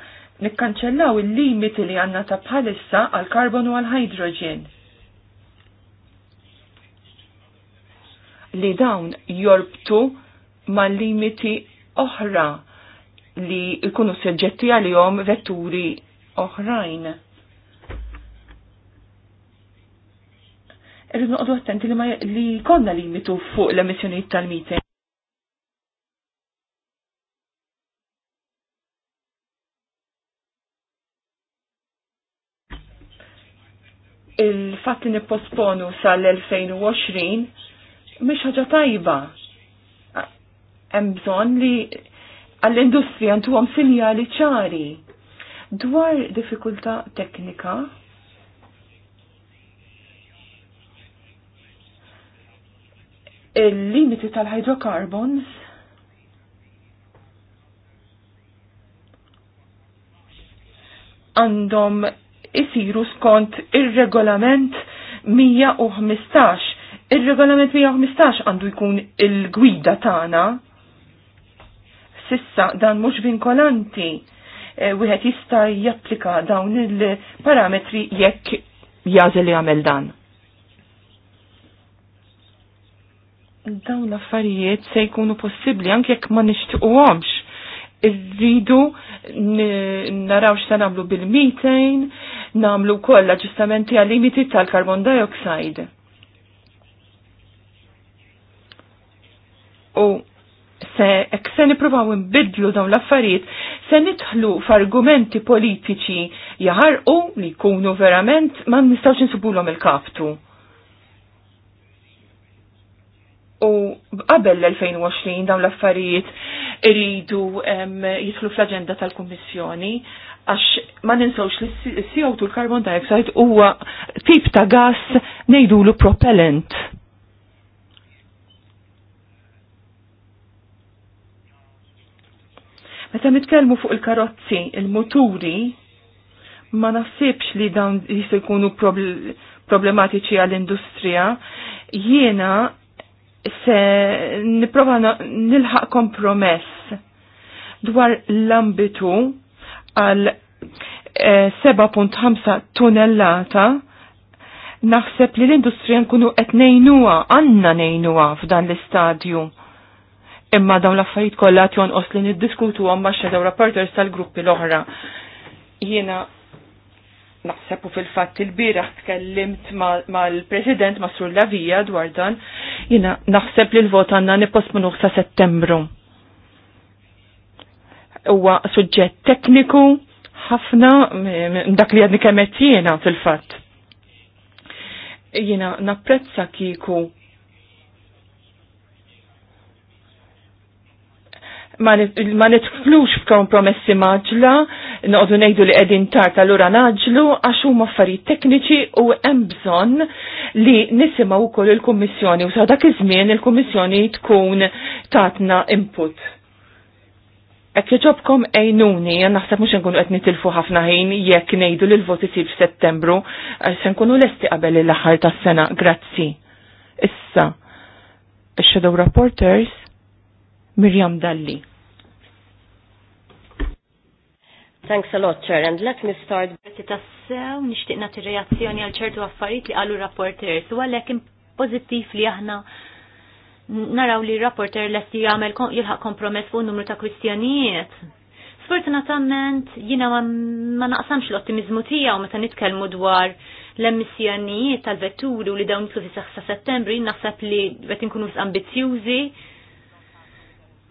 nikkanċellaw il-limiti li għanna ta' bħalissa għal u għal hydrogen. Li dawn jorbtu mal limiti oħra li jkunu seġġetti għalihom vetturi oħrajn. Irrid noqgħdu attenti li, ma, li konna limitu fuq l-emissjonijiet tal-mite. il-fat li nipposponu sal-2020 mhix ħaġa tajba. Hemm bżonn li għall-industrija għom sinjali ċari dwar diffikultà teknika il-limiti tal-hydrocarbons għandhom isiru skont il-regolament 115. Il-regolament 115 għandu jkun il-gwida tagħna Sissa dan mhux vinkolanti eh, wieħed jista' japplika dawn il-parametri jekk jażel li għamel dan. Dawn l-affarijiet se jkunu possibbli anke jekk ma nixtiequhomx irridu naraw xta namlu bil-methane, namlu koll ġustamenti għal limiti tal-carbon dioxide. U se se nipruvaw nbidlu dawn l-affarijiet, se nidħlu f'argumenti politiċi jaħarqu li jkunu verament ma nistgħux insibulhom il-kaptu. U qabel l-2020 dawn l-affarijiet iridu jidħlu fl-aġenda tal-Kummissjoni għax ma ninsawx li CO2 l-carbon dioxide huwa tip ta' gas ngħidulu propellant Meta nitkellmu fuq il-karozzi, il-moturi, ma naħsibx li dawn jisu jkunu problematiċi għall-industrija. Jiena se niprofa nilħaq kompromess dwar l-ambitu għal 7.5 eh, tonnellata naħseb li l-industrija nkunu qed ngħinuha għandna ngħinuha f'dan l-istadju imma dawn l-affarijiet kollha tjon li niddiskutu għam ma' xedaw rapporters tal-gruppi l-oħra. Jiena naħseb u fil-fatt il-biraħ tkellimt mal-President ma Masrur Lavija dwar dan, jiena naħseb li l-vot għanna minuħ sa settembru. Huwa suġġett tekniku ħafna dak li għadni kemet jena fil-fatt. Jiena napprezza kiku ma nitflux f'kompromessi maġla, noqdu nejdu li edin tarta l-ura naġlu, għax huma affarijiet tekniċi u hemm bżonn li nisimgħu koll il-Kummissjoni u sa dak iż-żmien il-Kummissjoni tkun tatna input. Ek joġobkom ejnuni, naħseb mux nkunu qed nitilfu ħafna ħin jekk ngħidu li l-vot isir f'Settembru, għax se nkunu lesti qabel il-aħħar tas-sena. Grazzi. Issa, ix-Shadow Reporters Mirjam Dalli. Thanks a lot, Chair, and let me start. as sew, nishtiq nati reazzjoni għal ċertu affarijiet li għallu rapporter, su għalek pozittiv li aħna naraw li rapporter lesti jagħmel jilħaq kompromess fuq numru ta' kwistjonijiet. Sfortunatament jina ma naqsamx l-ottimizmu tiegħu meta nitkellmu dwar l-emissjonijiet tal-vetturi u li dawn jitlu fi sa' settembru, naħseb li qed inkunu ambizjużi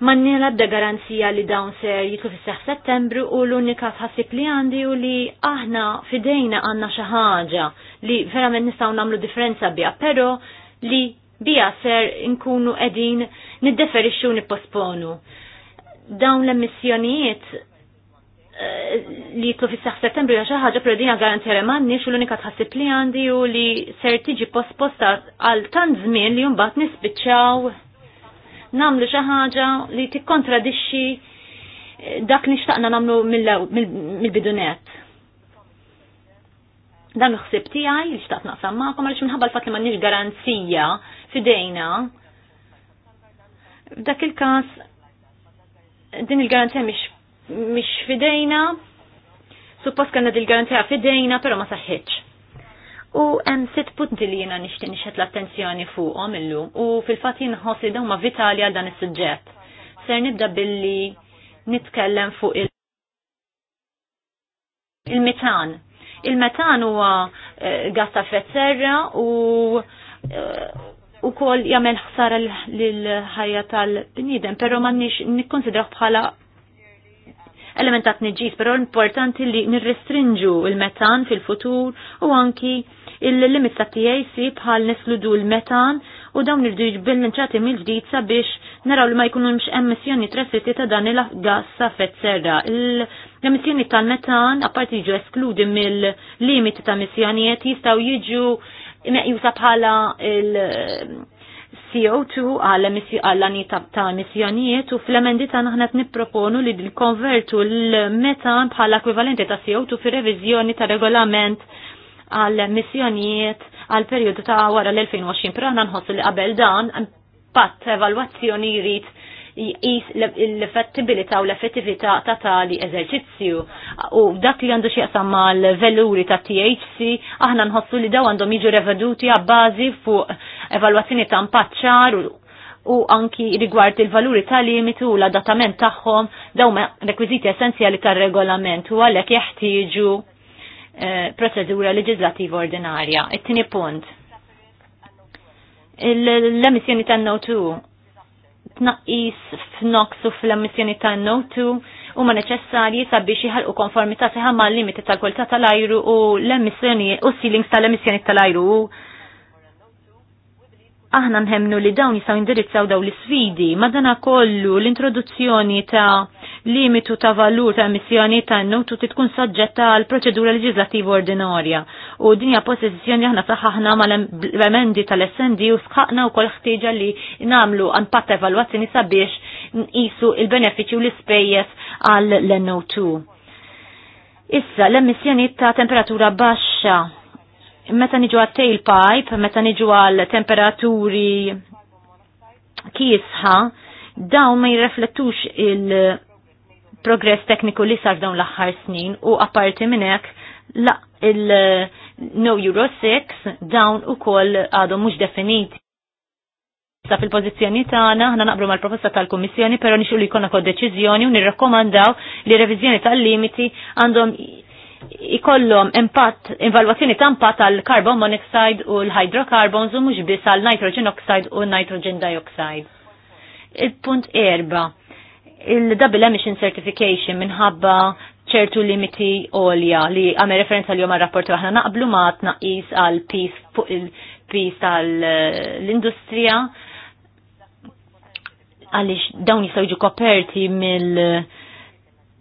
Manni għadda garanzija li dawn se jitlu seħ settembru u l-unika tħassib li għandi u li aħna fidejna għanna xaħġa li verament nistaw namlu differenza bija, pero li bija ser nkunu edin niddeferixxu nipposponu. Dawn l-emissjonijiet eh, li jitlu seħ settembru ja xaħġa pero dina garanzija li manni u l-unika tħassib li għandi u li ser tiġi posposta għal tant żmien li jumbat nispiċċaw namlu xi ħaġa li tikkontradixxi eh, dak li xtaqna namlu mill-bidunet. Dan l-ħsib tiegħi li xtaqt naqsam magħkom għaliex minħabba l-fatt li m'għandniex garanzija fidejna. F'dak il-każ din il-garanzija mhix fidejna, suppost kellna din il-garanzija fidejna, però ma saħħitx. U hemm sitt punti li jiena nixtieq nixħed l-attenzjoni fuqhom illum u fil-fatt ħossi dawn ma vitali għal dan is-suġġett. Ser nibda billi nitkellem fuq il- il-metan. Il-metan huwa eh, gas ta' effett serra u eh, ukoll jagħmel ħsara l-ħajja tal bniedem però m'għandniex nix nikkonsidraħ bħala element ta' tniġġis, l importanti li nirrestrinġu il-metan fil-futur u anki il-limit ta' TAC bħal neskludu l-metan u dawn irdu nċati mill-ġdid sabiex naraw li ma jkunux emissjoni trasiti ta' dan il-gas sa' fetzerra. serra. L-emissjoni tal-metan, apart jiġu eskludi mill-limit ta' emissjonijiet, jistaw jiġu meqjusa bħala il- CO2 għal-għani ta' emissjonijiet u fl-emendi ta' naħna nipproponu li konvertu l-metan bħala ekwivalenti ta' CO2 fi revizjoni ta' regolament għal missjonijiet għal periodu ta' wara l-2020, pero aħna nħossu li qabel dan patt evalwazzjoni jrid jqis l-effettibilità u l-effettività ta' tali eżerċizzju. U dak li għandu xieqsam mal veluri ta' THC, aħna nħossu li daw għandhom jiġu reveduti għabbażi fuq evalwazzjoni ta' mpaċċar u anki rigward il-valuri ta' limitu u l-adattament tagħhom daw ma' rekwiziti essenzjali tar-regolament u għalhekk jeħtieġu Eh, proċedura leġislativa ordinarja. It-tieni punt. L-emissjoni ta' NO2 tnaqqis f'nox u fl-emissjoni ta' NO2 huma neċessarji sabiex jħalqu konformità seħa ma' limiti tal-kwalità tal-ajru u l-emissjoni u ceilings tal-emissjoni tal-ajru. Aħna nħemnu li dawn jistgħu indirizzaw daw l-isfidi, dana kollu l-introduzzjoni ta' limitu ta' valur ta' emissjoni ta' n-nutu tkun saġġetta għal proċedura leġislativa ordinarja. U dinja posizjoni aħna saħħaħna mal-emendi tal snd u sħaqna u kol ħtieġa li namlu patta evalwazzjoni sabiex nqisu il-benefiċi u l-ispejjeż għal l-NO2. Issa, l-emissjoni ta' temperatura baxxa meta niġu għal tailpipe, meta niġu għal temperaturi kisħa, dawn ma jirreflettux il- progress tekniku li sar dawn l-aħħar snin u apparti minn hekk la il-No Euro 6 dawn ukoll għadhom mhux definiti. Sa fil-pozizjoni tagħna aħna naqbru mal-proposta tal-Kummissjoni però nixu li jkollna kod deċiżjoni u nirrakkomandaw li reviżjoni tal-limiti għandhom ikollhom impatt invalwazzjoni ta' impatt għal carbon monoxide u l-hydrocarbons u mhux biss għal nitrogen oxide u nitrogen dioxide. Il-punt erba' il-double emission certification minħabba ċertu limiti olja li għame referenza li jom għal-rapport għahna naqblu ma tnaqis għal-pis fuq il-pis tal-industrija għalix dawn jistaw ġu koperti mill-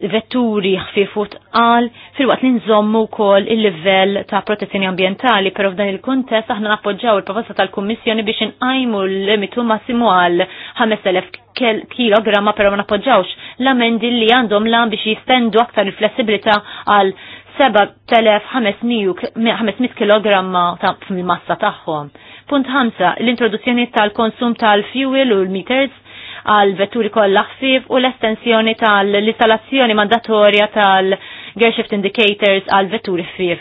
vetturi ħfifu tqal fil-waqt li nżommu wkoll il-livell ta' protezzjoni ambjentali, però f'dan il-kuntest aħna nappoġġaw il-proposta tal-Kummissjoni biex inqajmu l-limitu massimu għal 5000 kg, però ma nappoġġawx l-amendi li għandhom lan biex jistendu aktar il-flessibilità għal 7500 kg ta' fil-massa tagħhom. Punt 5. L-introduzzjoni tal-konsum tal-fuel u l-meters għal vetturi kollha ħfif u l-estensjoni tal-installazzjoni mandatorja tal-gearshift indicators għal vetturi ħfif.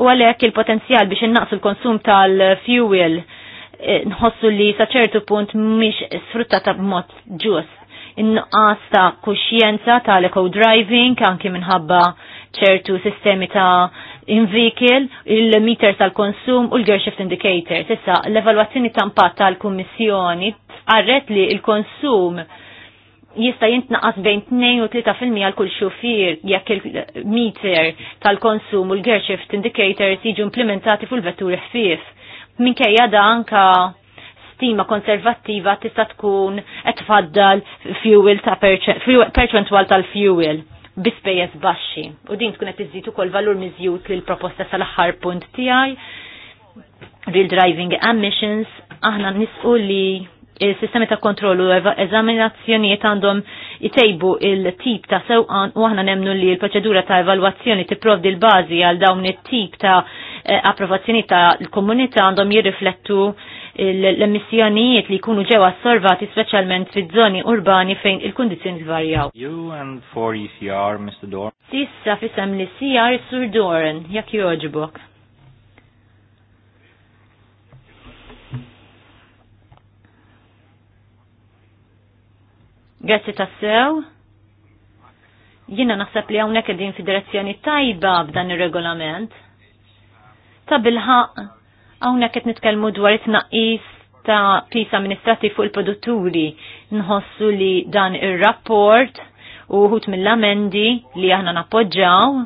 U għalhekk il-potenzjal biex innaqsu l-konsum tal-fuel eh, nħossu li sa ċertu punt mhix sfruttata b'mod ġust. in ta' kuxjenza tal-eco driving anki minħabba ċertu sistemi ta' invikil, vehicle il-meters tal-konsum u l-gearshift indicators. Issa, l-evaluazzjoni ta' impatt tal-Kummissjoni għarret li il-konsum jista jintnaqas bejn 2 u 3% għal kull xufier jekk il-meter tal-konsum u l-gearshift indicators jiġu implementati fuq il-vetturi ħfief. Minkejja da anka stima konservattiva tista' tkun qed tfaddal fuel ta' perċentwal tal-fuel spejjeż baxxi. U din tkun qed iżid ukoll valur miżjud lil proposta sal-aħħar punt tiegħi real driving emissions aħna nisqu li il-sistemi ta' kontrollu eżaminazzjonijiet għandhom jtejbu il-tip ta' sewqan u aħna nemnu li l-proċedura ta' evalwazzjoni tipprovdi l-bażi għal dawn it-tip ta' eh, approvazzjoni ta' l-komunità għandhom jirriflettu l-emissjonijiet li jkunu ġew sorvati speċjalment fiż-żoni urbani fejn il-kundizzjoni varjaw. You and for ECR, Mr. Doran. Sissa fisem li CR Sur Doran, jekk joġbok? Grazzi tassew. Jina naħseb li hawnhekk qegħdin fi direzzjoni tajba b'dan ir-regolament. Ta' bilħaq hawnhekk qed nitkellmu dwar it-tnaqqis ta' pis amministrativ fuq il-produtturi. Nħossu li dan ir-rapport u uħut mill-amendi li aħna nappoġġaw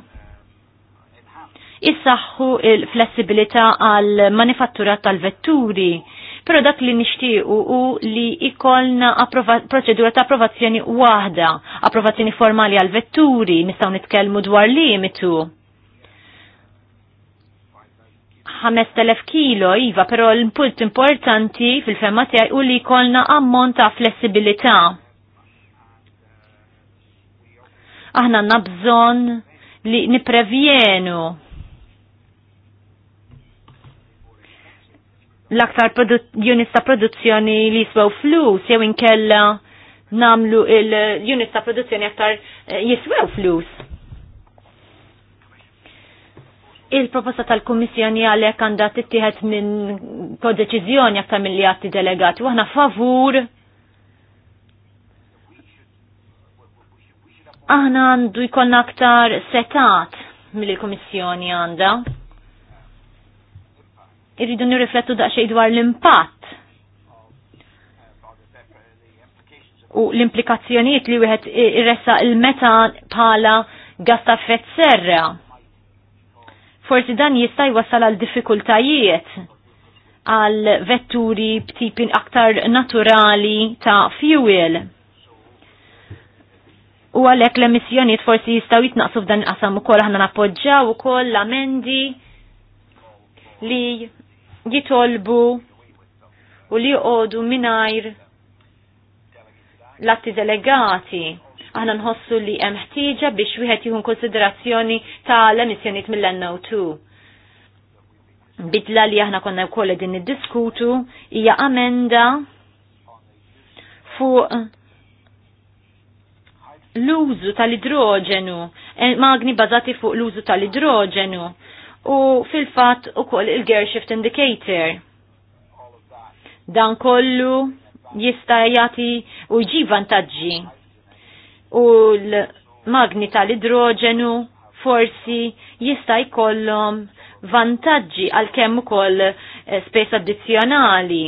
Issaħħu il-flessibilità għal manifattura tal-vetturi pero dak li nixtiequ u li ikolna proċedura ta' approvazzjoni waħda, approvazzjoni formali għal vetturi, nistgħu nitkellmu dwar limitu. 5.000 kilo, iva, pero l-impult importanti fil-femma tiegħi u li kolna ammont ta' flessibilità. Aħna nabżon li niprevjenu l-aktar units ta' produzzjoni li jiswew flus, jew inkella namlu il-units ta' produzzjoni aktar eh, jiswew flus. Il-proposta tal-Kummissjoni għalhekk għandha tittieħed minn kodeċiżjoni aktar mill-li għatti delegati, waħna favur aħna għandu jkollna aktar setat mill-Kummissjoni għandha irridu nirriflettu daqsxej dwar l-impatt u l-implikazzjonijiet li wieħed irressa il-meta bħala gas ta' effett serra. Forsi dan jista' jwassal għal diffikultajiet għal vetturi b'tipin aktar naturali ta' fuel. U għalhekk l-emissjonijiet forsi jistgħu jitnaqsu f'dan il-qasam ukoll aħna nappoġġjaw ukoll l-amendi li jitolbu u li jqodu minajr l-atti delegati. Aħna nħossu li hemm ħtieġa biex wieħed jieħu konsiderazzjoni tal-emissjonijiet mill-NO2. Bidla li aħna konna wkoll din niddiskutu hija amenda fuq l-użu tal-idroġenu, eh, magni bazati fuq l-użu tal-idroġenu u fil-fat u koll il-gear shift indicator. Dan kollu jista jagħti u jġi vantaġġi. U l-magni tal-idroġenu forsi jista jkollhom vantaġġi għal kemm ukoll eh, spes addizzjonali.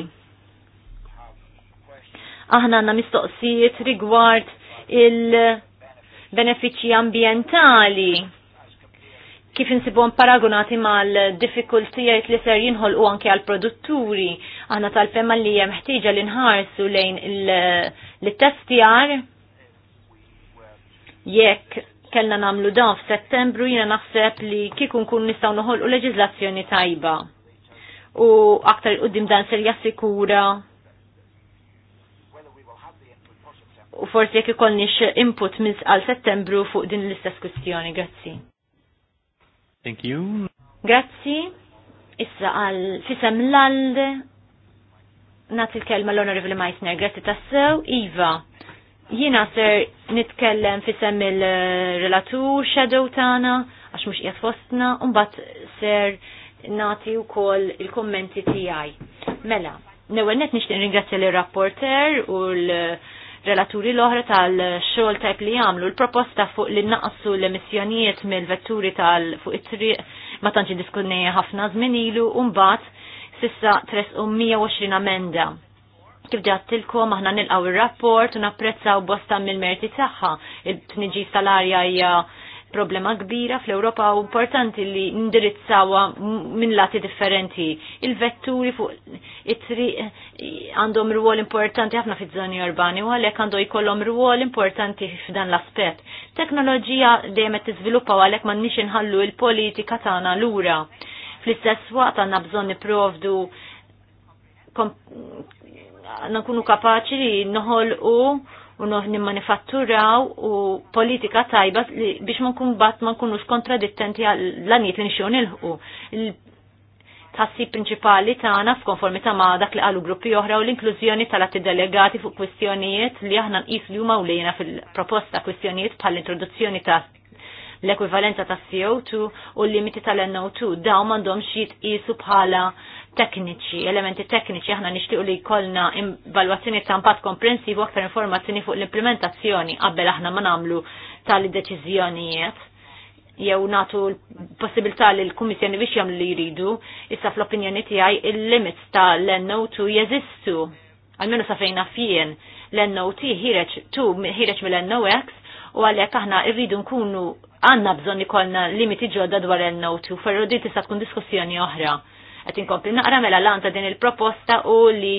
Aħna għandna mistoqsijiet rigward il-benefiċċji ambientali kif insibhom paragonati mal-diffikultijiet li ser jinħolqu anke għal produtturi aħna tal-fema li hemm ħtieġa li nħarsu lejn l-testjar jekk kellna namlu dan f'Settembru jiena naħseb li kieku nkun nistgħu noħolqu leġiżlazzjoni tajba. U aktar qudiem dan ser jassikura u forsi jekk ikollniex input minn għal Settembru fuq din l-istess kwistjoni. Grazzi. Thank you. Grazzi. Issa għal fisem l-alde. Nat il-kelma l-Honorable Meissner. Grazzi tassew. Iva. Jina ser nitkellem fisem il-relatur shadow tana għax mux jgħat fostna. Umbat ser nati u kol il-kommenti tijaj. Mela, Newel nishtin nishtiq ringrazzja l rapporter u l relaturi l-oħra tal-xogħol tajb li jagħmlu l-proposta fuq li naqsu l-emissjonijiet mill-vetturi tal fuq it-triq ma tanċi diskunnejja ħafna żmien ilu bat mbagħad sissa 320 amenda. Kif ġattilkom aħna nilqgħu ir-rapport u napprezzaw bosta mill-merti tagħha. Il-tniġi salarja hija problema kbira fl-Europa u importanti li indirizzawa minn lati differenti. Il-vetturi fuq it-tri għandhom rwol importanti ħafna fi żoni urbani u għalhekk għandu jkollhom rwol importanti f'dan l-aspett. Teknoloġija dejjem qed tiżviluppa u għalhekk m'għandniex inħallu l-politika tagħna lura. Fl-istess waqt għandna bżonn nipprovdu nkunu kapaċi li noħolqu u nimmanifatturaw u politika tajba biex ma nkun bat ma nkunux kontradittenti għall-anijiet li nixjon ilħu. Tassi prinċipali tagħna f'konformità ma' dak li qalu gruppi oħra u l-inklużjoni tal-atti delegati fuq kwistjonijiet li aħna nqis li huma ulejna fil-proposta kwistjonijiet bħal introduzzjoni ta' l-ekwivalenza ta' CO2 u l-limiti tal-NO2 daw mandom xiet bħala tekniċi, elementi tekniċi, aħna nixtiequ li jkollna valwazzjoni ta' impatt komprensiv u aktar informazzjoni fuq l-implementazzjoni qabel aħna ma nagħmlu tali deċiżjonijiet jew natu l-possibilità li l-Kummissjoni biex jagħmlu li jridu, issa fl-opinjoni tiegħi il-limits ta' l-NO2 jeżistu. Almenu sa fejna fien l-NOT ħireġ tu ħireġ mill-NOX u għalhekk aħna rridu nkunu għandna bżonn ikollna limiti ġodda dwar l-NO2, ferru di tista' tkun diskussjoni oħra għet inkompli naqra mela lan ta' din il-proposta u li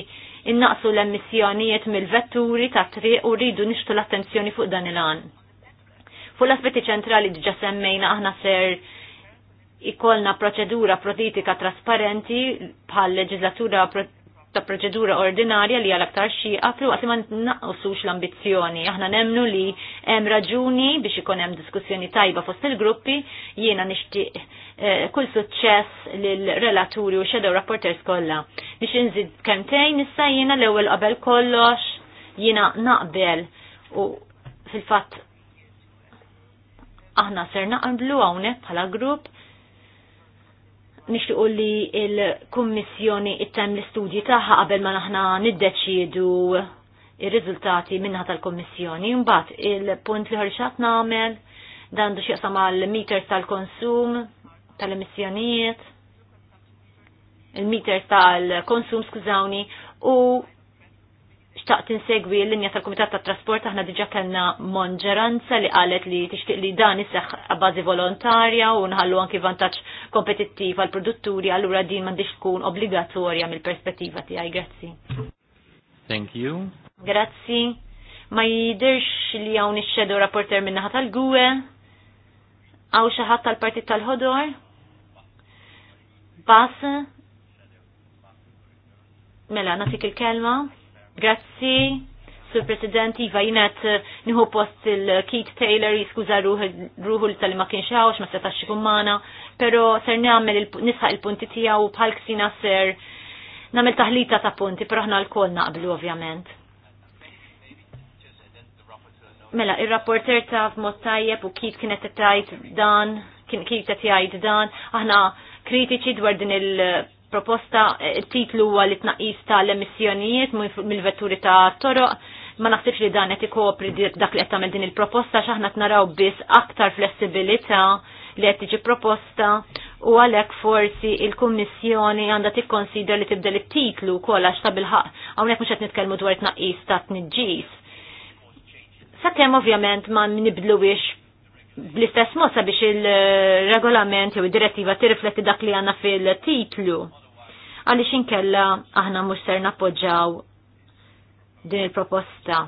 innaqsu l-emissjonijiet mill-vetturi ta' triq u rridu nixtu l-attenzjoni fuq dan il-għan. Fuq l-aspetti ċentrali diġa semmejna aħna ser ikolna proċedura politika trasparenti bħal leġislatura ta' proċedura ordinarja li għal aktar xi għaflu għat li ma naqqosux l-ambizzjoni. Aħna nemnu li hemm raġuni biex ikun hemm diskussjoni tajba fost il-gruppi, jiena nixtieq eh, kull suċċess lill-relaturi u shadow rapporters kollha. biex inżid kemmtejn issa jiena l-ewwel qabel kollox jiena naqbel u fil-fatt aħna ser naqblu hawnhekk bħala grupp nixtiqu li il-Kummissjoni ttemm l-istudji tagħha qabel ma naħna niddeċiedu ir-riżultati minnaħa tal-Kummissjoni. Mbagħad il-punt li ħarxat nagħmel dan du xieqsam għal-meters tal-konsum tal-emissjonijiet il-meters tal-konsum skużawni u xtaqt insegwi l-linja tal-Kumitat tat Trasport aħna diġa kellna monġeranza li qalet li tixtieq li dan isseħ bażi volontarja u nħallu anki vantaġġ kompetittiv għal produtturi allura din m'għandix tkun obbligatorja mill-perspettiva tiegħi. Grazzi. Thank you. Grazzi. Ma jidirx li hawn ix rapporter minna ħat tal-Gwe. Għaw xi ħadd tal-Partit tal-Ħodor? Bas? Mela, natik il-kelma. Grazzi. Sur President Iva jinet eh, nħu post il-Keith Taylor jiskuza ruħu tal ma kienx ma setax ikun mana, pero ser nagħmel nisħa il-punti tiegħu bħal ksina ser nagħmel taħlita ta' punti, pero aħna l-kol naqblu ovvjament. Mela, ir-rapporter ta' mod tajjeb u kif kienet tajt dan, kif qed jgħid dan, aħna kritiċi dwar din il- proposta eh, titlu huwa li tnaqis tal-emissjonijiet mill-vetturi ta' toroq ma naħsibx li dan qed ikopri dak li qed tagħmel din il-proposta x'aħna naraw biss aktar flessibilità li qed tiġi proposta u għalhekk forsi il-Kummissjoni għandha tikkonsidra li tibdel it-titlu wkoll għax ta' bil-ħaq hawnhekk mhux qed nitkellmu dwar tnaqqis ta' tniġġis. Sakemm ovvjament ma nibdluwiex bl-istess mod sabiex il-regolament jew id-direttiva tirrifletti dak li għandna fil-titlu għaliex inkella aħna mhux ser nappoġġaw din il-proposta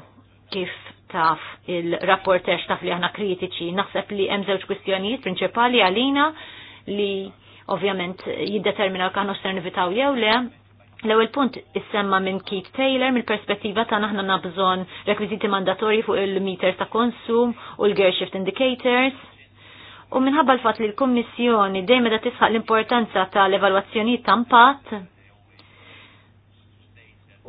kif taf il-rapporter taf li aħna kritiċi. Naħseb li hemm żewġ kwistjonijiet prinċipali għalina li ovvjament jiddetermina l-kaħnu ser nivitaw jew le, L-ewwel punt issemma minn Keith Taylor mill-perspettiva ta' naħna nabżon rekwiżiti mandatorji fuq il-meters ta' konsum u l-gear shift indicators U minħabba l-fat li l-Kommissjoni dejjem qed tisħaq l-importanza tal-evalwazzjoni ta' impatt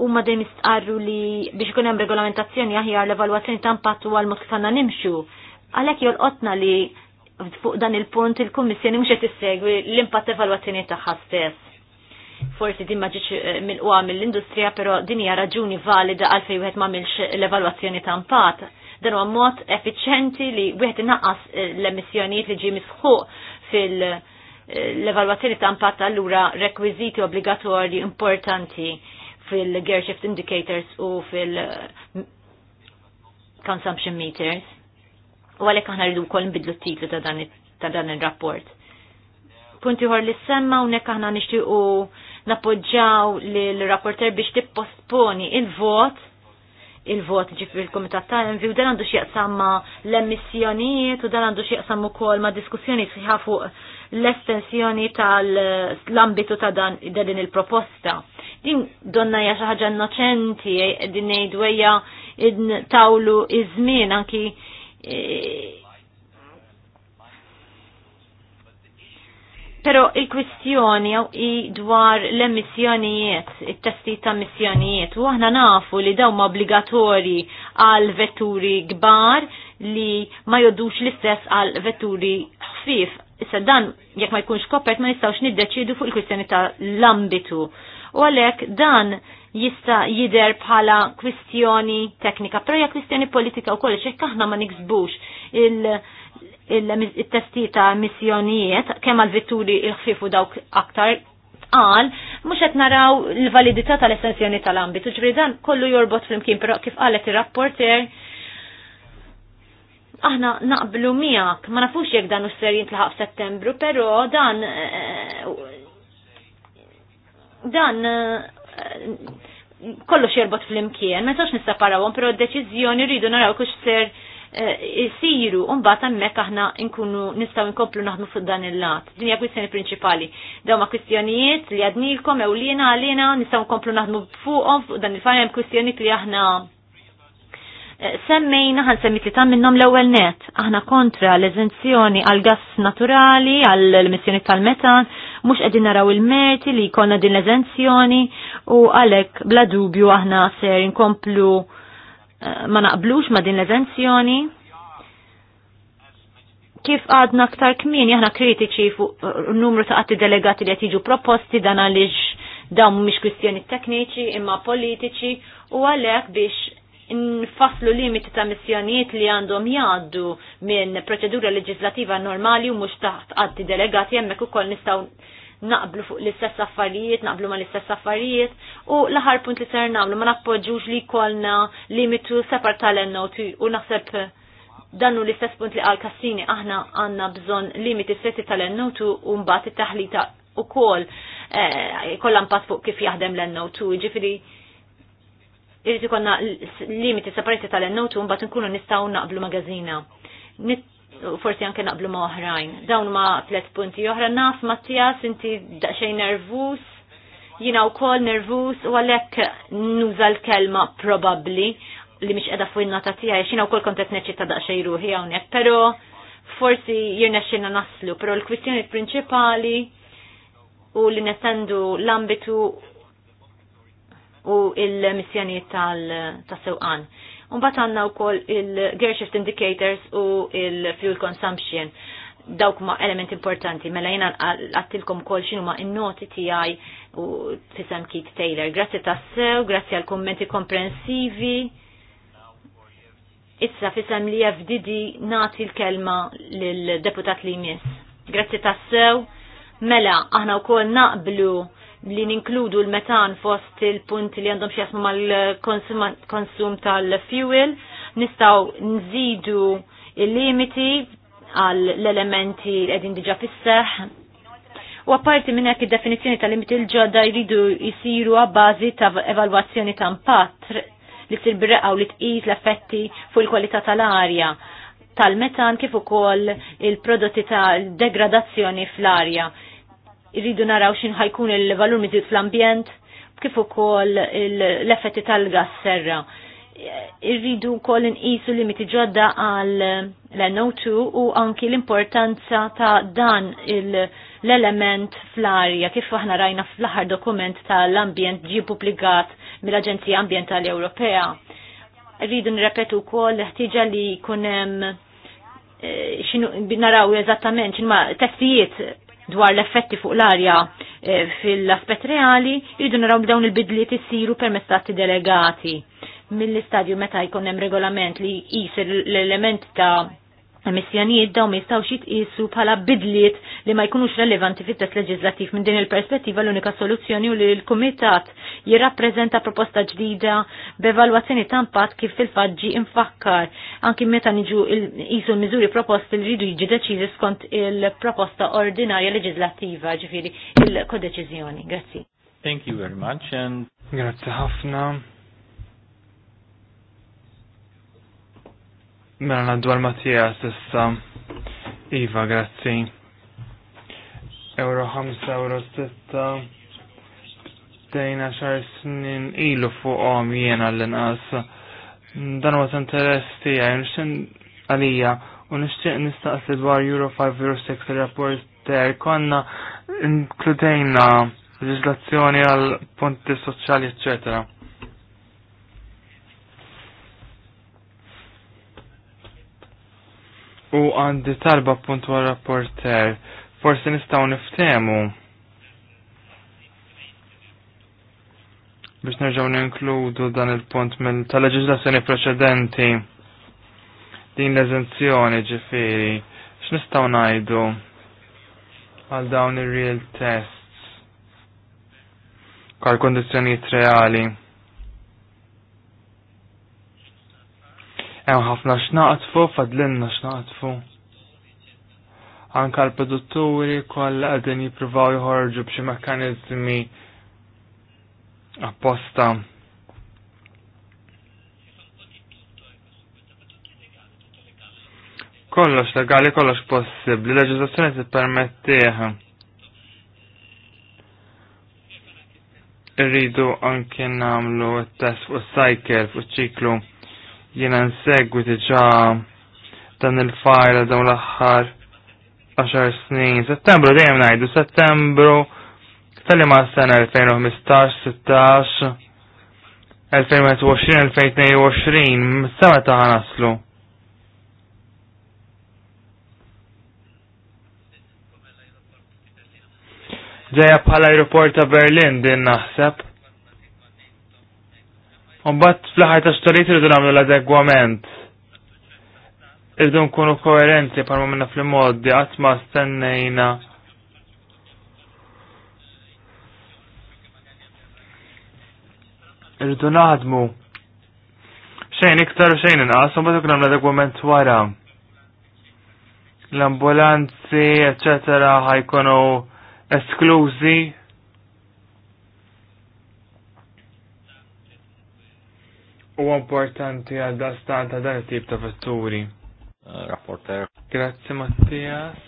u ma dejjem istqarru li biex ikun hemm regolamentazzjoni aħjar l-evalwazzjoni ta' impatt huwa l-mod kif għandna nimxu. Għalhekk jolqotna li fuq dan il-punt il-Kummissjoni mhux qed tissegwi l-impatt evalwazzjoni tagħha stess. Forsi din ma ġietx eh, mill-qwa mill-industrija, però din hija raġuni valida għalfejn wieħed m'għamilx l-evalwazzjoni ta' impatt Dan huwa mod effiċjenti li wieħed inaqqas eh, l-emissjonijiet li ġi misħuq fil- l-evalwazzjoni ta' impatt allura rekwiżiti obbligatorji importanti fil-gear shift indicators u fil-consumption meters. U għalek aħna rridu kol nbidlu t-titlu ta' dan il-rapport. Punti għor li semma nek aħna nishtiqu napoġġaw li l-rapporter biex tipposponi il-vot il-vot ġifri il-Komitat ta' Envi u dan għandu xieqsam ma' l-emissjonijiet u dan għandu xieqsam u kol ma' diskussjoni sħiħa fuq l-estensjoni tal-ambitu ta' dan din il-proposta. Din donna hija xi ħaġa innoċenti din id tawlu iż-żmien anki eh, Pero il-kwistjoni dwar l-emissjonijiet, il-testi ta' emissjonijiet, u aħna nafu li dawma ma' obbligatori għal vetturi gbar li ma' jodux l-istess għal vetturi xfif. Issa dan, jekk ma' jkunx kopert, ma' nistawx niddeċidu fuq il-kwistjoni ta' l-ambitu. U għalek dan jista jider bħala kwistjoni teknika, pero hija kwistjoni politika u kollox, jekk aħna ma nixbux il- il-testi ta' missjonijiet, kemm għal vitturi il-ħfifu dawk aktar qal, mhux qed naraw l-validità tal-estensjoni tal-ambitu, ġri dan kollu jorbot flimkien, però kif qalet ir-rapporter, aħna naqblu miegħek, ma nafux jekk dan ser jintlaħaq f'Settembru, pero dan eh, dan eh, kollox jorbot flimkien, ma nistax nisseparawhom, però d-deċiżjoni rridu naraw kux ser jisiru eh, mbagħad hemmhekk aħna nkunu nistgħu nkomplu naħdmu fuq dan il-lat. Din hija kwistjoni prinċipali. Dawn ma' kwistjonijiet li għadnilkom ewliena għalina nistgħu nkomplu naħdmu fuqhom fuq dan il-fajn hemm kwistjonijiet li aħna eh, Semmejna ħan semmi tam minnom l-ewel net. Aħna kontra l-eżenzjoni għal gas naturali, għal emissjoni tal-metan, mux għedin naraw il meti li konna din l-eżenzjoni u għalek bla dubju aħna ser inkomplu Eh, ma naqblux ma din l-evenzjoni. Kif għadna aktar kmin, jahna kritiċi fuq eh, numru ta' għatti delegati li għatiġu proposti dan għalix dawn mux kwistjoni tekniċi imma politiċi u għalek biex nfasslu limiti ta' missjonijiet li għandhom jgħaddu minn proċedura leġislativa normali u mux taħt għatti delegati jemmek u koll nistaw naqblu fuq l-istess affarijiet, naqblu ma l-istess affarijiet u l-aħar punt li ser naqblu ma nappoġġuġ li kolna limitu separ tal no u naħseb dannu l-istess punt li għal Kassini aħna għanna bżon limiti setti tal no u mbagħad it-taħlita u kol eh, kollha impatt fuq kif jaħdem l-NO2, ġifieri irrid limiti separati tal ennotu 2 mbagħad nkunu nistgħu naqblu magażina forsi anke naqblu ma' oħrajn. Dawn ma' tlet punti oħra naf Mattias inti daqsxejn nervus, jina u kol nervus u għalek nuża l-kelma probabli li miex edha fuj nota tijaj, xina u kol kontet neċita daqxej ruħi għawnek, pero forsi jirna xina naslu, pero l-kwistjoni principali u li netendu l-ambitu u il-missjoni tal-sewqan bat għanna u koll il-gear indicators u il-fuel consumption. Dawk ma element importanti, mela jena għattilkom kol xinu ma il-noti għaj u tisem Kit Taylor. Grazie sew grazie għal kommenti komprensivi. Issa fisem li FDD nati l-kelma l-deputat li jmiss. Grazie sew Mela, aħna u kol naqblu li ninkludu l-metan fost il-punti li għandhom xjasmu mal-konsum tal-fuel, nistaw nżidu il-limiti għall elementi li għedin diġa fisseħ. U għaparti minn hekk id-definizzjoni tal-limiti l-ġodda jridu jisiru għabbażi ta' evalwazzjoni ta' impatt li t u li tqis l-effetti fuq il-kwalità tal-arja tal-metan kif ukoll il-prodotti tal degradazzjoni fl-arja irridu naraw xin ħajkun il-valur miżjud fl-ambjent, kif ukoll l-effetti tal-gas serra. Irridu wkoll inqisu limiti ġodda għal l-NO2 u anki l-importanza ta' dan l-element fl-arja kif aħna rajna fl-aħħar dokument tal-ambjent ġi publikat mill-Aġenzija Ambjentali Ewropea. Rridu nirrepetu wkoll l-ħtiġa li kunem hemm eh, xinu naraw eżattament xinu ma testijiet dwar l-effetti fuq l-arja eh, fil-aspet reali, jridu naraw b'dawn il-bidliet isiru permezz ta' delegati mill-istadju meta jkun hemm regolament li jisir l-element ta' emissjonijiet dawn ma jistgħux jitqisu bħala bidliet li ma jkunux relevanti fit-test leġislattiv minn din il-perspettiva l-unika soluzzjoni u li l-kumitat jirrappreżenta proposta ġdida b'evalwazzjoni ta' impatt kif fil-faġġi infakkar anki meta niġu qisu l-miżuri proposti li jridu jiġi deċiżi skont il-proposta ordinarja leġislattiva ġifieri il-kodeċiżjoni. Grazzi. Thank you very much and Grazzi ħafna. Mela nadwar Mattias issa. Iva, grazzi. Euro 5, euro 6. Dejna xar snin ilu fuqom jiena l-inqas. Dan huwa interess tiegħi nixtieq għalija u nixtieq nistaqsi dwar Euro 5, Euro 6 il-rapporter konna inkludejna leġislazzjoni għal punti soċjali eccetera. u għandi talba punt għal rapporter forsi nistaw niftemu biex nerġaw ninkludu dan il-punt mill tal-leġislazzjoni preċedenti din l-eżenzjoni ġifiri x'nistgħu ngħidu għal dawn ir-real tests għal kondizzjonijiet reali. hemm ħafna x'naqtfu, fadlinna x'naqtfu. Anka l-produtturi kollha qegħdin jippruvaw joħorġu b'xi mekkaniżmi apposta. Kollox legali, kollox possibbli, leġiżlazzjoni tippermettih. Irridu anke nagħmlu t-test fuq cycle fuq ċiklu Jiena nsegwi diġà dan il-fajla dawn l-aħħar 10 snin. Settembru dejjem ngħidu Settembru tal s sena 2015-16 2020 2022 sema ta' naslu. Ġeja bħala aeroport ta' Berlin din naħseb. Umbat fl ħaj ta' storiet rridu nagħmlu l-adegwament. irdu nkunu koerenti palma minna fl moddi, qatt ma stennejna. Irridu naħdmu. Xejn iktar u xejn inqas, u bad nagħmlu adegwament wara. L-ambulanzi, eccetera, ħajkunu esklużi u importanti għal dastan ta' dan tip ta' vetturi. Eh, rapporter. Grazie Mattias.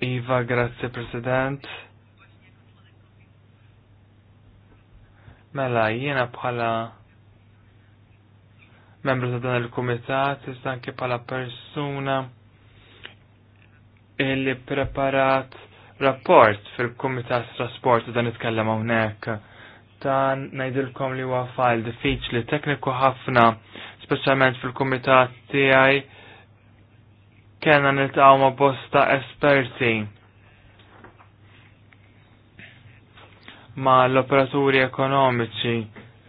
Iva, grazie President. Mela, jiena bħala membru ta' dan il-komitat, issa anke bħala persuna illi preparat rapport fil-komitat trasport dan itkellem hawnhekk nista' ngħidilkom li huwa fajl diffiċli tekniku ħafna, speċjalment fil-kumitat tiegħi kellna niltaqgħu ma' bosta esperti. Ma' l-operaturi ekonomiċi,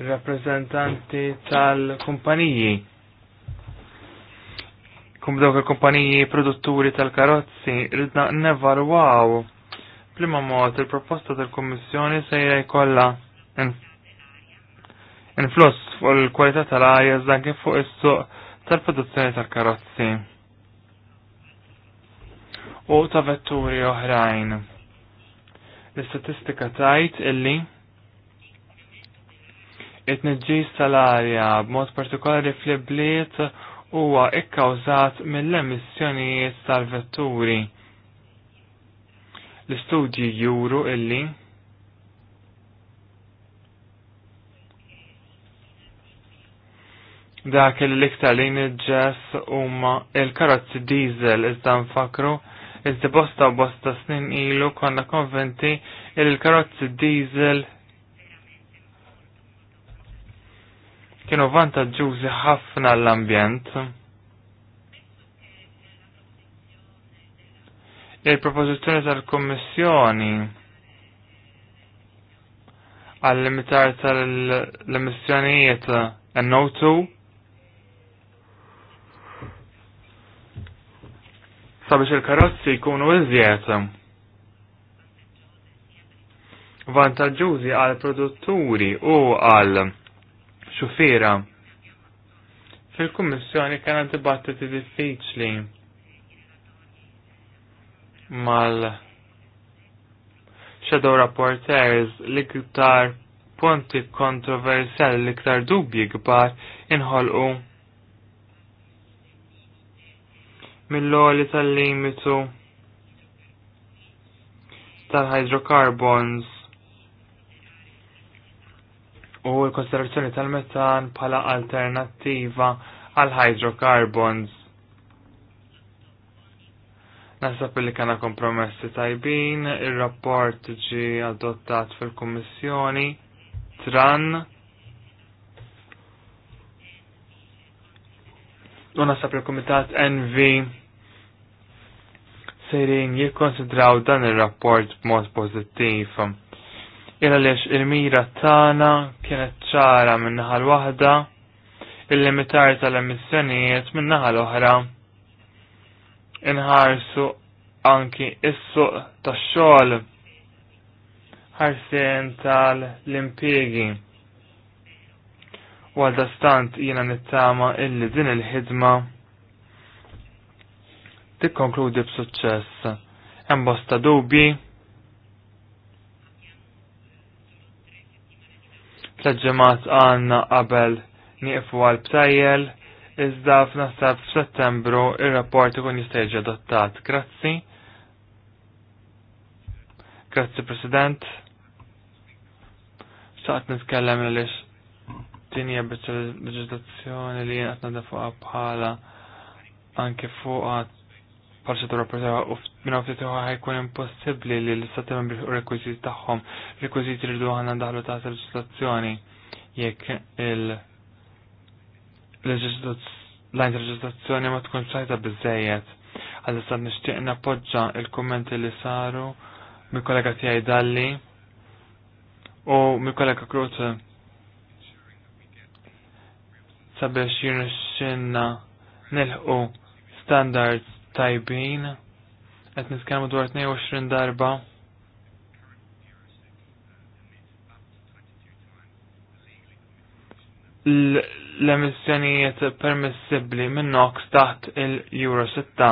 rappreżentanti tal-kumpaniji. Kum dawk il-kumpaniji produtturi tal-karozzi, ridna nevalwaw. Prima mod il-proposta tal-Kommissjoni sejra jkollha influss fuq il-kwalità tal ajja dan kif fuq is-suq tal-produzzjoni tal-karozzi u ta' vetturi oħrajn. L-istatistika tajt illi it-nġis tal-arja b'mod partikolari fl ibliet huwa ikkawżat mill-emissjonijiet tal-vetturi. L-istudji juru illi dak il-liktar li nidġess huma il-karozzi diesel iżda nfakru iżda bosta bosta snin ilu konna konventi il-karozzi diesel kienu vantaġġużi ħafna l-ambjent. Il-propożizzjoni tal-Kommissjoni għall-limitar tal-emissjonijiet NO2 sabiex il-karozzi jkunu iżjed vantaġġużi għal produtturi u għal xufiera. Fil-Kummissjoni kena dibattiti diffiċli mal shadow rapporteurs li iktar punti kontroversjali li iktar dubji kbar inħolqu mill-oli tal-limitu tal-hydrocarbons u l konservazzjoni tal-metan bħala alternattiva għal hydrocarbons. Nasab li kena kompromessi tajbin, il-rapport ġi adottat fil-Kommissjoni, TRAN, u sa il-Komitat NV sejrin jikkonsidraw dan il-rapport b'mod pozittiv. Illa lex il-mira tana kienet ċara l wahda, il-limitar tal-emissjonijiet l oħra. Inħarsu anki is-suq tax-xogħol tal-impjegi Għal stant jiena nittama illi din il-ħidma tikkonkludi b'suċċess. Hemm bosta dubji. Tlaġġemat għanna qabel nieqfu għal btajjel, iżda f'naħseb f'Settembru il rapport ikun jista' adottat. Grazzi. Grazzi President. Saqt nitkellem l-lix dinja bieċa leġislazzjoni li jenqat nada fuqa bħala anke fuqa parċetura pretewa u minna ftit uħa ħajkun impossibli li l-istati membri u rekwiziti tagħhom rekwiziti li duħan daħlu taħt leġislazzjoni jekk il l leġislazzjoni ma tkun sajta bizzejiet. Għal-istat nishtiq napoġġa il-kommenti li saru mi kollega tijaj Dalli u mi kollega Krute sabiex jirnexxinna nilħu standards tajbin qed nitkellmu dwar 22 darba. l-emissjonijiet permissibli minn NOx taħt il-Euro 6.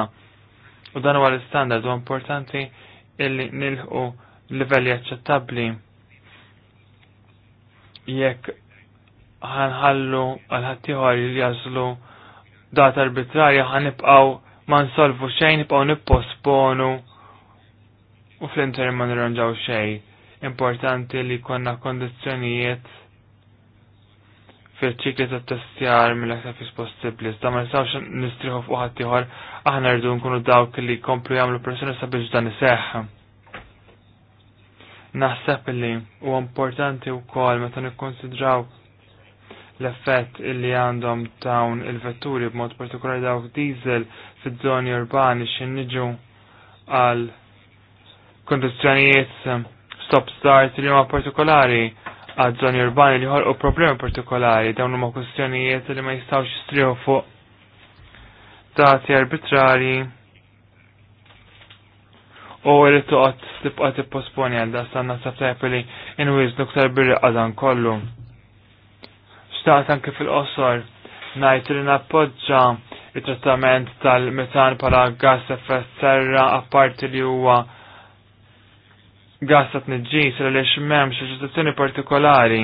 U dan huwa l-standard u importanti illi nilħu livelli aċċettabbli. Jekk ħanħallu għal-ħattijħor li jazlu data arbitrarja ħanibqaw ma nsolvu xejn nibqaw nipposponu u fl-interim ma nirranġaw xejn. Importanti li konna kondizjonijiet fil-ċikli ta' testjar mill-aktar fis possibli. Da' ma nistgħux nistriħu fuq ħattijħor aħna rridu nkunu dawk li jkomplu jagħmlu pressjoni sabiex dan iseħħ. Naħseb li huwa importanti wkoll meta nikkonsidraw l-effett illi għandhom dawn il-vetturi b'mod partikolari dawk diesel fid-żoni urbani xinniġu għal kondizjonijiet stop-start li huma partikolari għal żoni urbani li ħolqu problemi partikolari dawn huma kwestjonijiet li ma jistgħux jistriħu fuq dati arbitrari u li toqgħod tibqa' tipposponi għal dan sa nasab tajb li inwiż nuktar birri għadan kollu. Xtaqt anke fil-qosor najt li nappoġġa il-trattament tal-metan para gas effett serra apparti li huwa gas ta' tniġġis li x'memx leġiżlazzjoni partikolari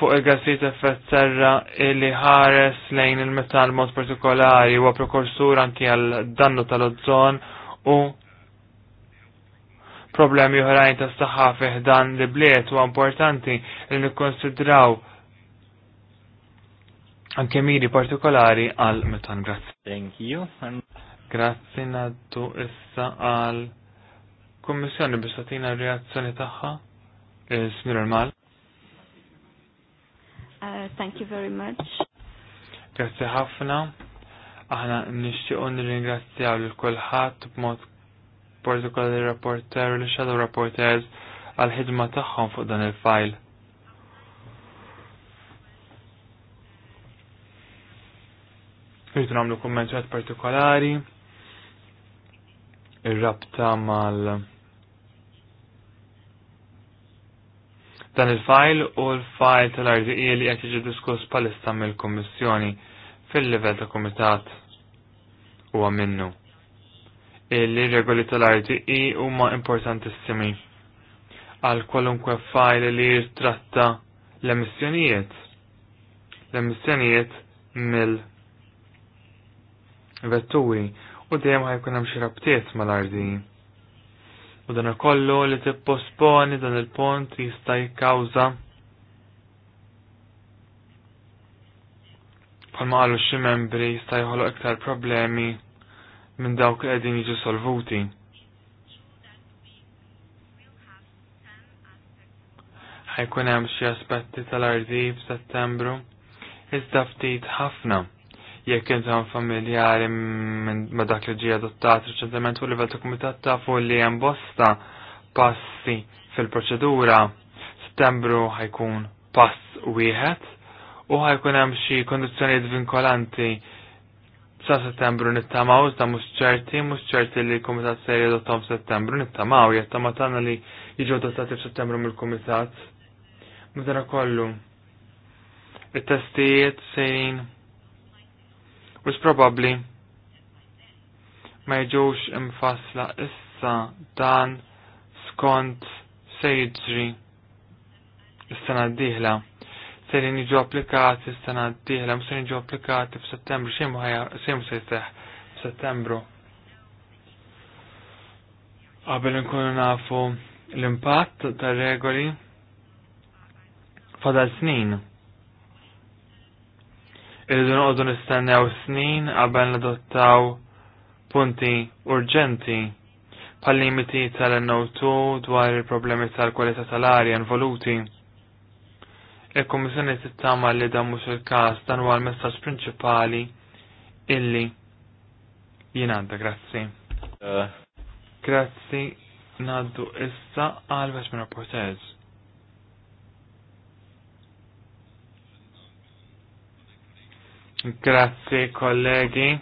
fuq il-gassiet effett serra li ħares lejn il-metan mod partikolari huwa prekursur anki għal dannu tal-ozzon u problemi oħrajn tas saħħa dan li bliet huwa importanti li nikkonsidraw anke miri partikolari għal metan grazzi. Thank you. Grazzi naddu issa għal kommissjoni biex tatina reazzjoni tagħha. Smir mal. Uh, thank you very much. Grazzi ħafna. Aħna nixtiequ nirringrazzjaw lil kulħadd b'mod partikolari rapporter li l-shadow rapporters għal ħidma tagħhom fuq dan il-file. rritu nagħmlu kummentat partikolari ir-rabta mal dan il-fajl u l-fajl tal-RDI e li qed jiġi diskuss palissa mill-Kummissjoni fil-livell ta' kumitat huwa minnu. Il-regoli tal-RDI e huma importantissimi għal kwalunkwe fajl li jitratta l-emissjonijiet. L-emissjonijiet mill- vetturi u dejjem ħajkun hemm xi rabtiet mal-ardi. U dan ikollu li tipposponi dan il-pont jista' jikkawża bħalma qalu xi membri jista' jħoloq iktar problemi minn dawk li qegħdin jiġu solvuti. ħajkun hemm xi aspetti tal-ardi f'Settembru iżda ftit ħafna jekk intom familjari ma' dak li ġie adottat riċentement u livell ta' kumitat tafu li hemm bosta passi fil-proċedura. Settembru ħajkun pass wieħed u ħajkun hemm xi kondizzjonijiet vinkolanti sa settembru nittamaw, ta' mhux ċerti, mhux ċerti li l-Kumitat se jadottom settembru nittamaw, ta' tagħna li jiġu adottati f'Settembru mill-Kumitat. Madana kollu, it-testijiet sejn u probabbli ma jġux imfasla issa dan skont se jiġri is-sena d-dieħla. Se li jiġu applikati s sena d-dieħla, mhux se jiġu applikati f'Settembru, xejn se jseħħ f'Settembru. Qabel nkunu nafu l-impatt tar regoli fadal snin irridu noqogħdu nistennew snin qabel nadottaw punti urġenti bħal limiti tal-NO2 dwar il-problemi tal-kwalità tal-arja involuti. Il-Kummissjoni tittama li dan mhux il-każ dan huwa l-messaġġ prinċipali illi jingħadda grazzi. Eh. Grazzi ngħaddu issa għal Vashmin Reporters. Grazzi kollegi.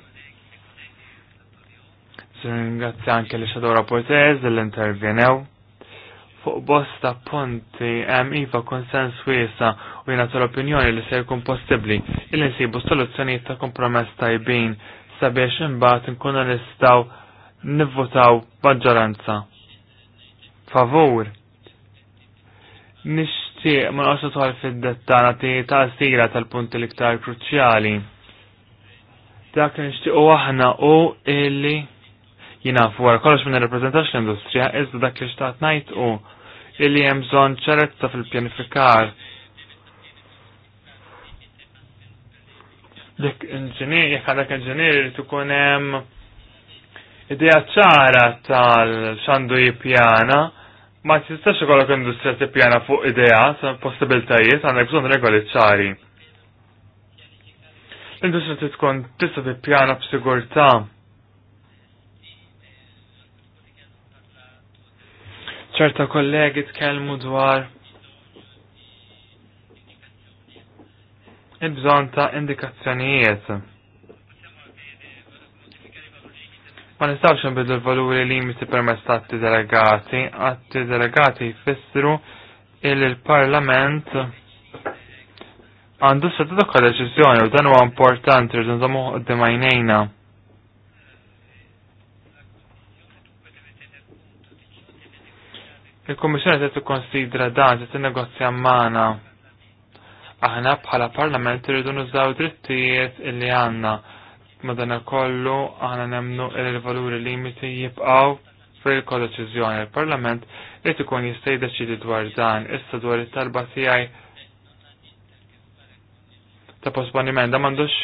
Ringrazzi anke li xadow rapportez l-intervjenew. Fuq bosta punti hemm iva konsens wiesa u jiena tal-opinjoni li se jkun possibbli il nsibu soluzzjonijiet ta' kompromess tajbin sabiex imbagħad nkunu nistgħu nivvotaw maġġoranza. Favur. Nix nixtieq ma noqgħodx nidħol fid-dettana ta' sira tal-punti l-iktar kruċjali. Dak li nixtiequ aħna u illi jina fuqar kollox minn rappresentax l-industrija iżda dak li xtaqt ngħid u illi hemm bżonn ċarezza fil-pjanifikar dik inġinier, jekk għandek inġinier li tkun hemm idea ċara tal-xandu jippjana Ma tistax ikollok industrija tippjana fuq sa' possibiltajiet, għandek bżonn regoli ċari. L-industrija tkun tista' tippjana b'sigurtà. ċerta kollegi tkellmu dwar il-bżonn ta' indikazzjonijiet. Ma nistawx nbidlu l-valuri limiti permess ta' atti delegati, atti delegati jfissru il parlament għandu s dokka deċizjoni u dan huwa importanti rridu nżommu għajnejna. Il-Kommissjoni se tikkonsidra dan se tinnegozja magħna. Aħna bħala Parlament irridu nużaw drittijiet illi għandna madana kollu għana nemnu il-valuri limiti jibqaw fil deċizjoni il-Parlament li ikun jista' deċidi dwar dan issa dwar it-talba tiegħi ta' posponiment da m'għandux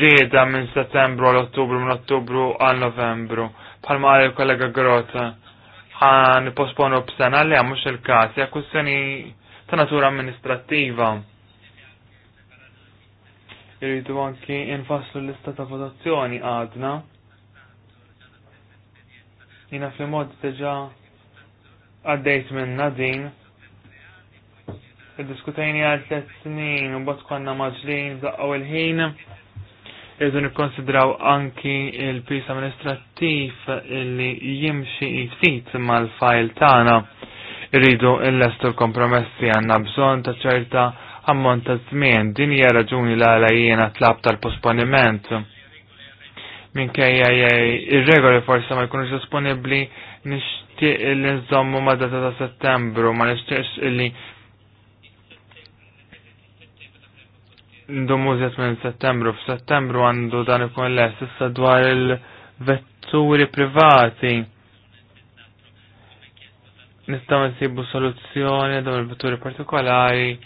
rieda minn Settembru għal Ottubru minn Ottubru għal Novembru bħalma għal il-kollega Grota għan posponu b'sena li mhux il-każ hija kwistjoni ta' natura amministrattiva jiridu anki infaslu l-lista ta' votazzjoni għadna. Jina fl-mod teġa għaddejt minna din. Diskutajni għal tlet snin u bat konna maġlin zaqqaw il-ħin. Irridu nikkonsidraw anki il-pis amministrativ illi jimxi jiftit mal-fajl tana. Jiridu il-lestu l-kompromessi għanna bżon ta' ċerta ammont ta' żmien din hija raġuni l għala jiena tlab tal-posponiment. Minkejja ir-regoli forsi ma jkunux disponibbli nixtieq li nżommu ma' data ta' Settembru, ma nixtieqx illi ndu zjat minn Settembru. F'Settembru għandu dan ikun lest issa dwar il-vetturi privati nistaw nsibu soluzzjoni dawn il-vetturi partikolari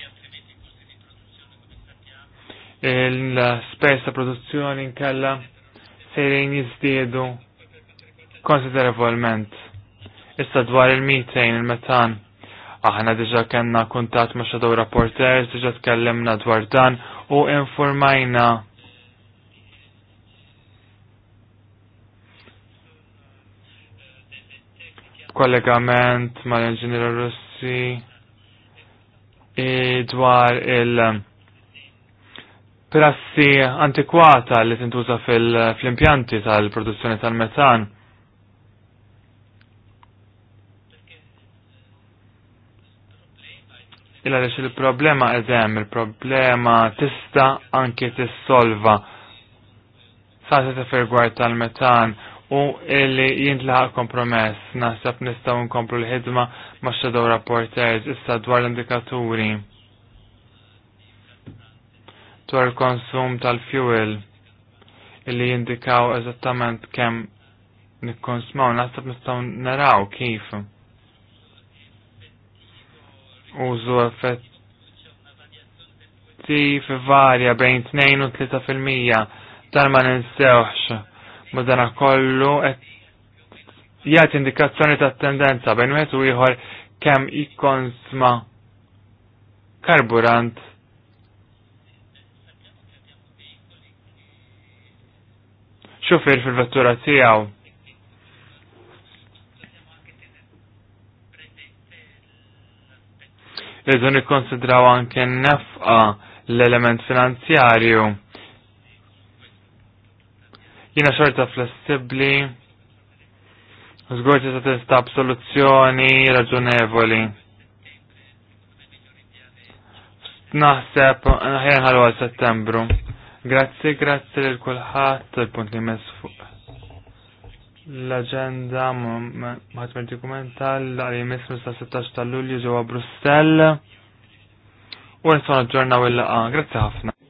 l spess ta' produzzjoni nkella sejrin jizdiedu konsiderevolment. Issa dwar il mitejn il-metan, aħna diġa kena kuntat ma' xadow rapporters, diġa tkellimna dwar dan u informajna kollegament mal-inġiniera Russi eh, dwar il- prassi antikwata li tintuża fil-impjanti tal-produzzjoni tal-metan. Illa li il-problema eżem, il-problema tista anki tissolva sa' se tal-metan u illi jintlaħaq kompromess, naħseb nistaw nkomplu l-ħidma ma' shadow rapporters issa dwar l-indikaturi dwar konsum tal-fuel illi jindikaw eżattament kemm nikkonsmaw, naħseb nistgħu naraw kif. Użu effettiv varja bejn 2 u 3 fil-mija tal ma ninsewx madana kollu jgħat indikazzjoni ta' tendenza bejn wieħed u ieħor kemm jikkonsma karburant xufir fil-vettura tiegħu. Irridu nikkonsidraw anke nefqa l-element finanzjarju. Jiena xorta flessibbli, zgurti se testa soluzzjoni raġunevoli. Naħseb ħajnħalu għal settembru. Grazie, grazie l kulħadd il-punt li mess fuq l-agenda ma tmerti dokumental li mess mis 16 ta' Lulju ġewwa Brussell. U nistgħu naġġornaw il-laqa. Grazzi ħafna.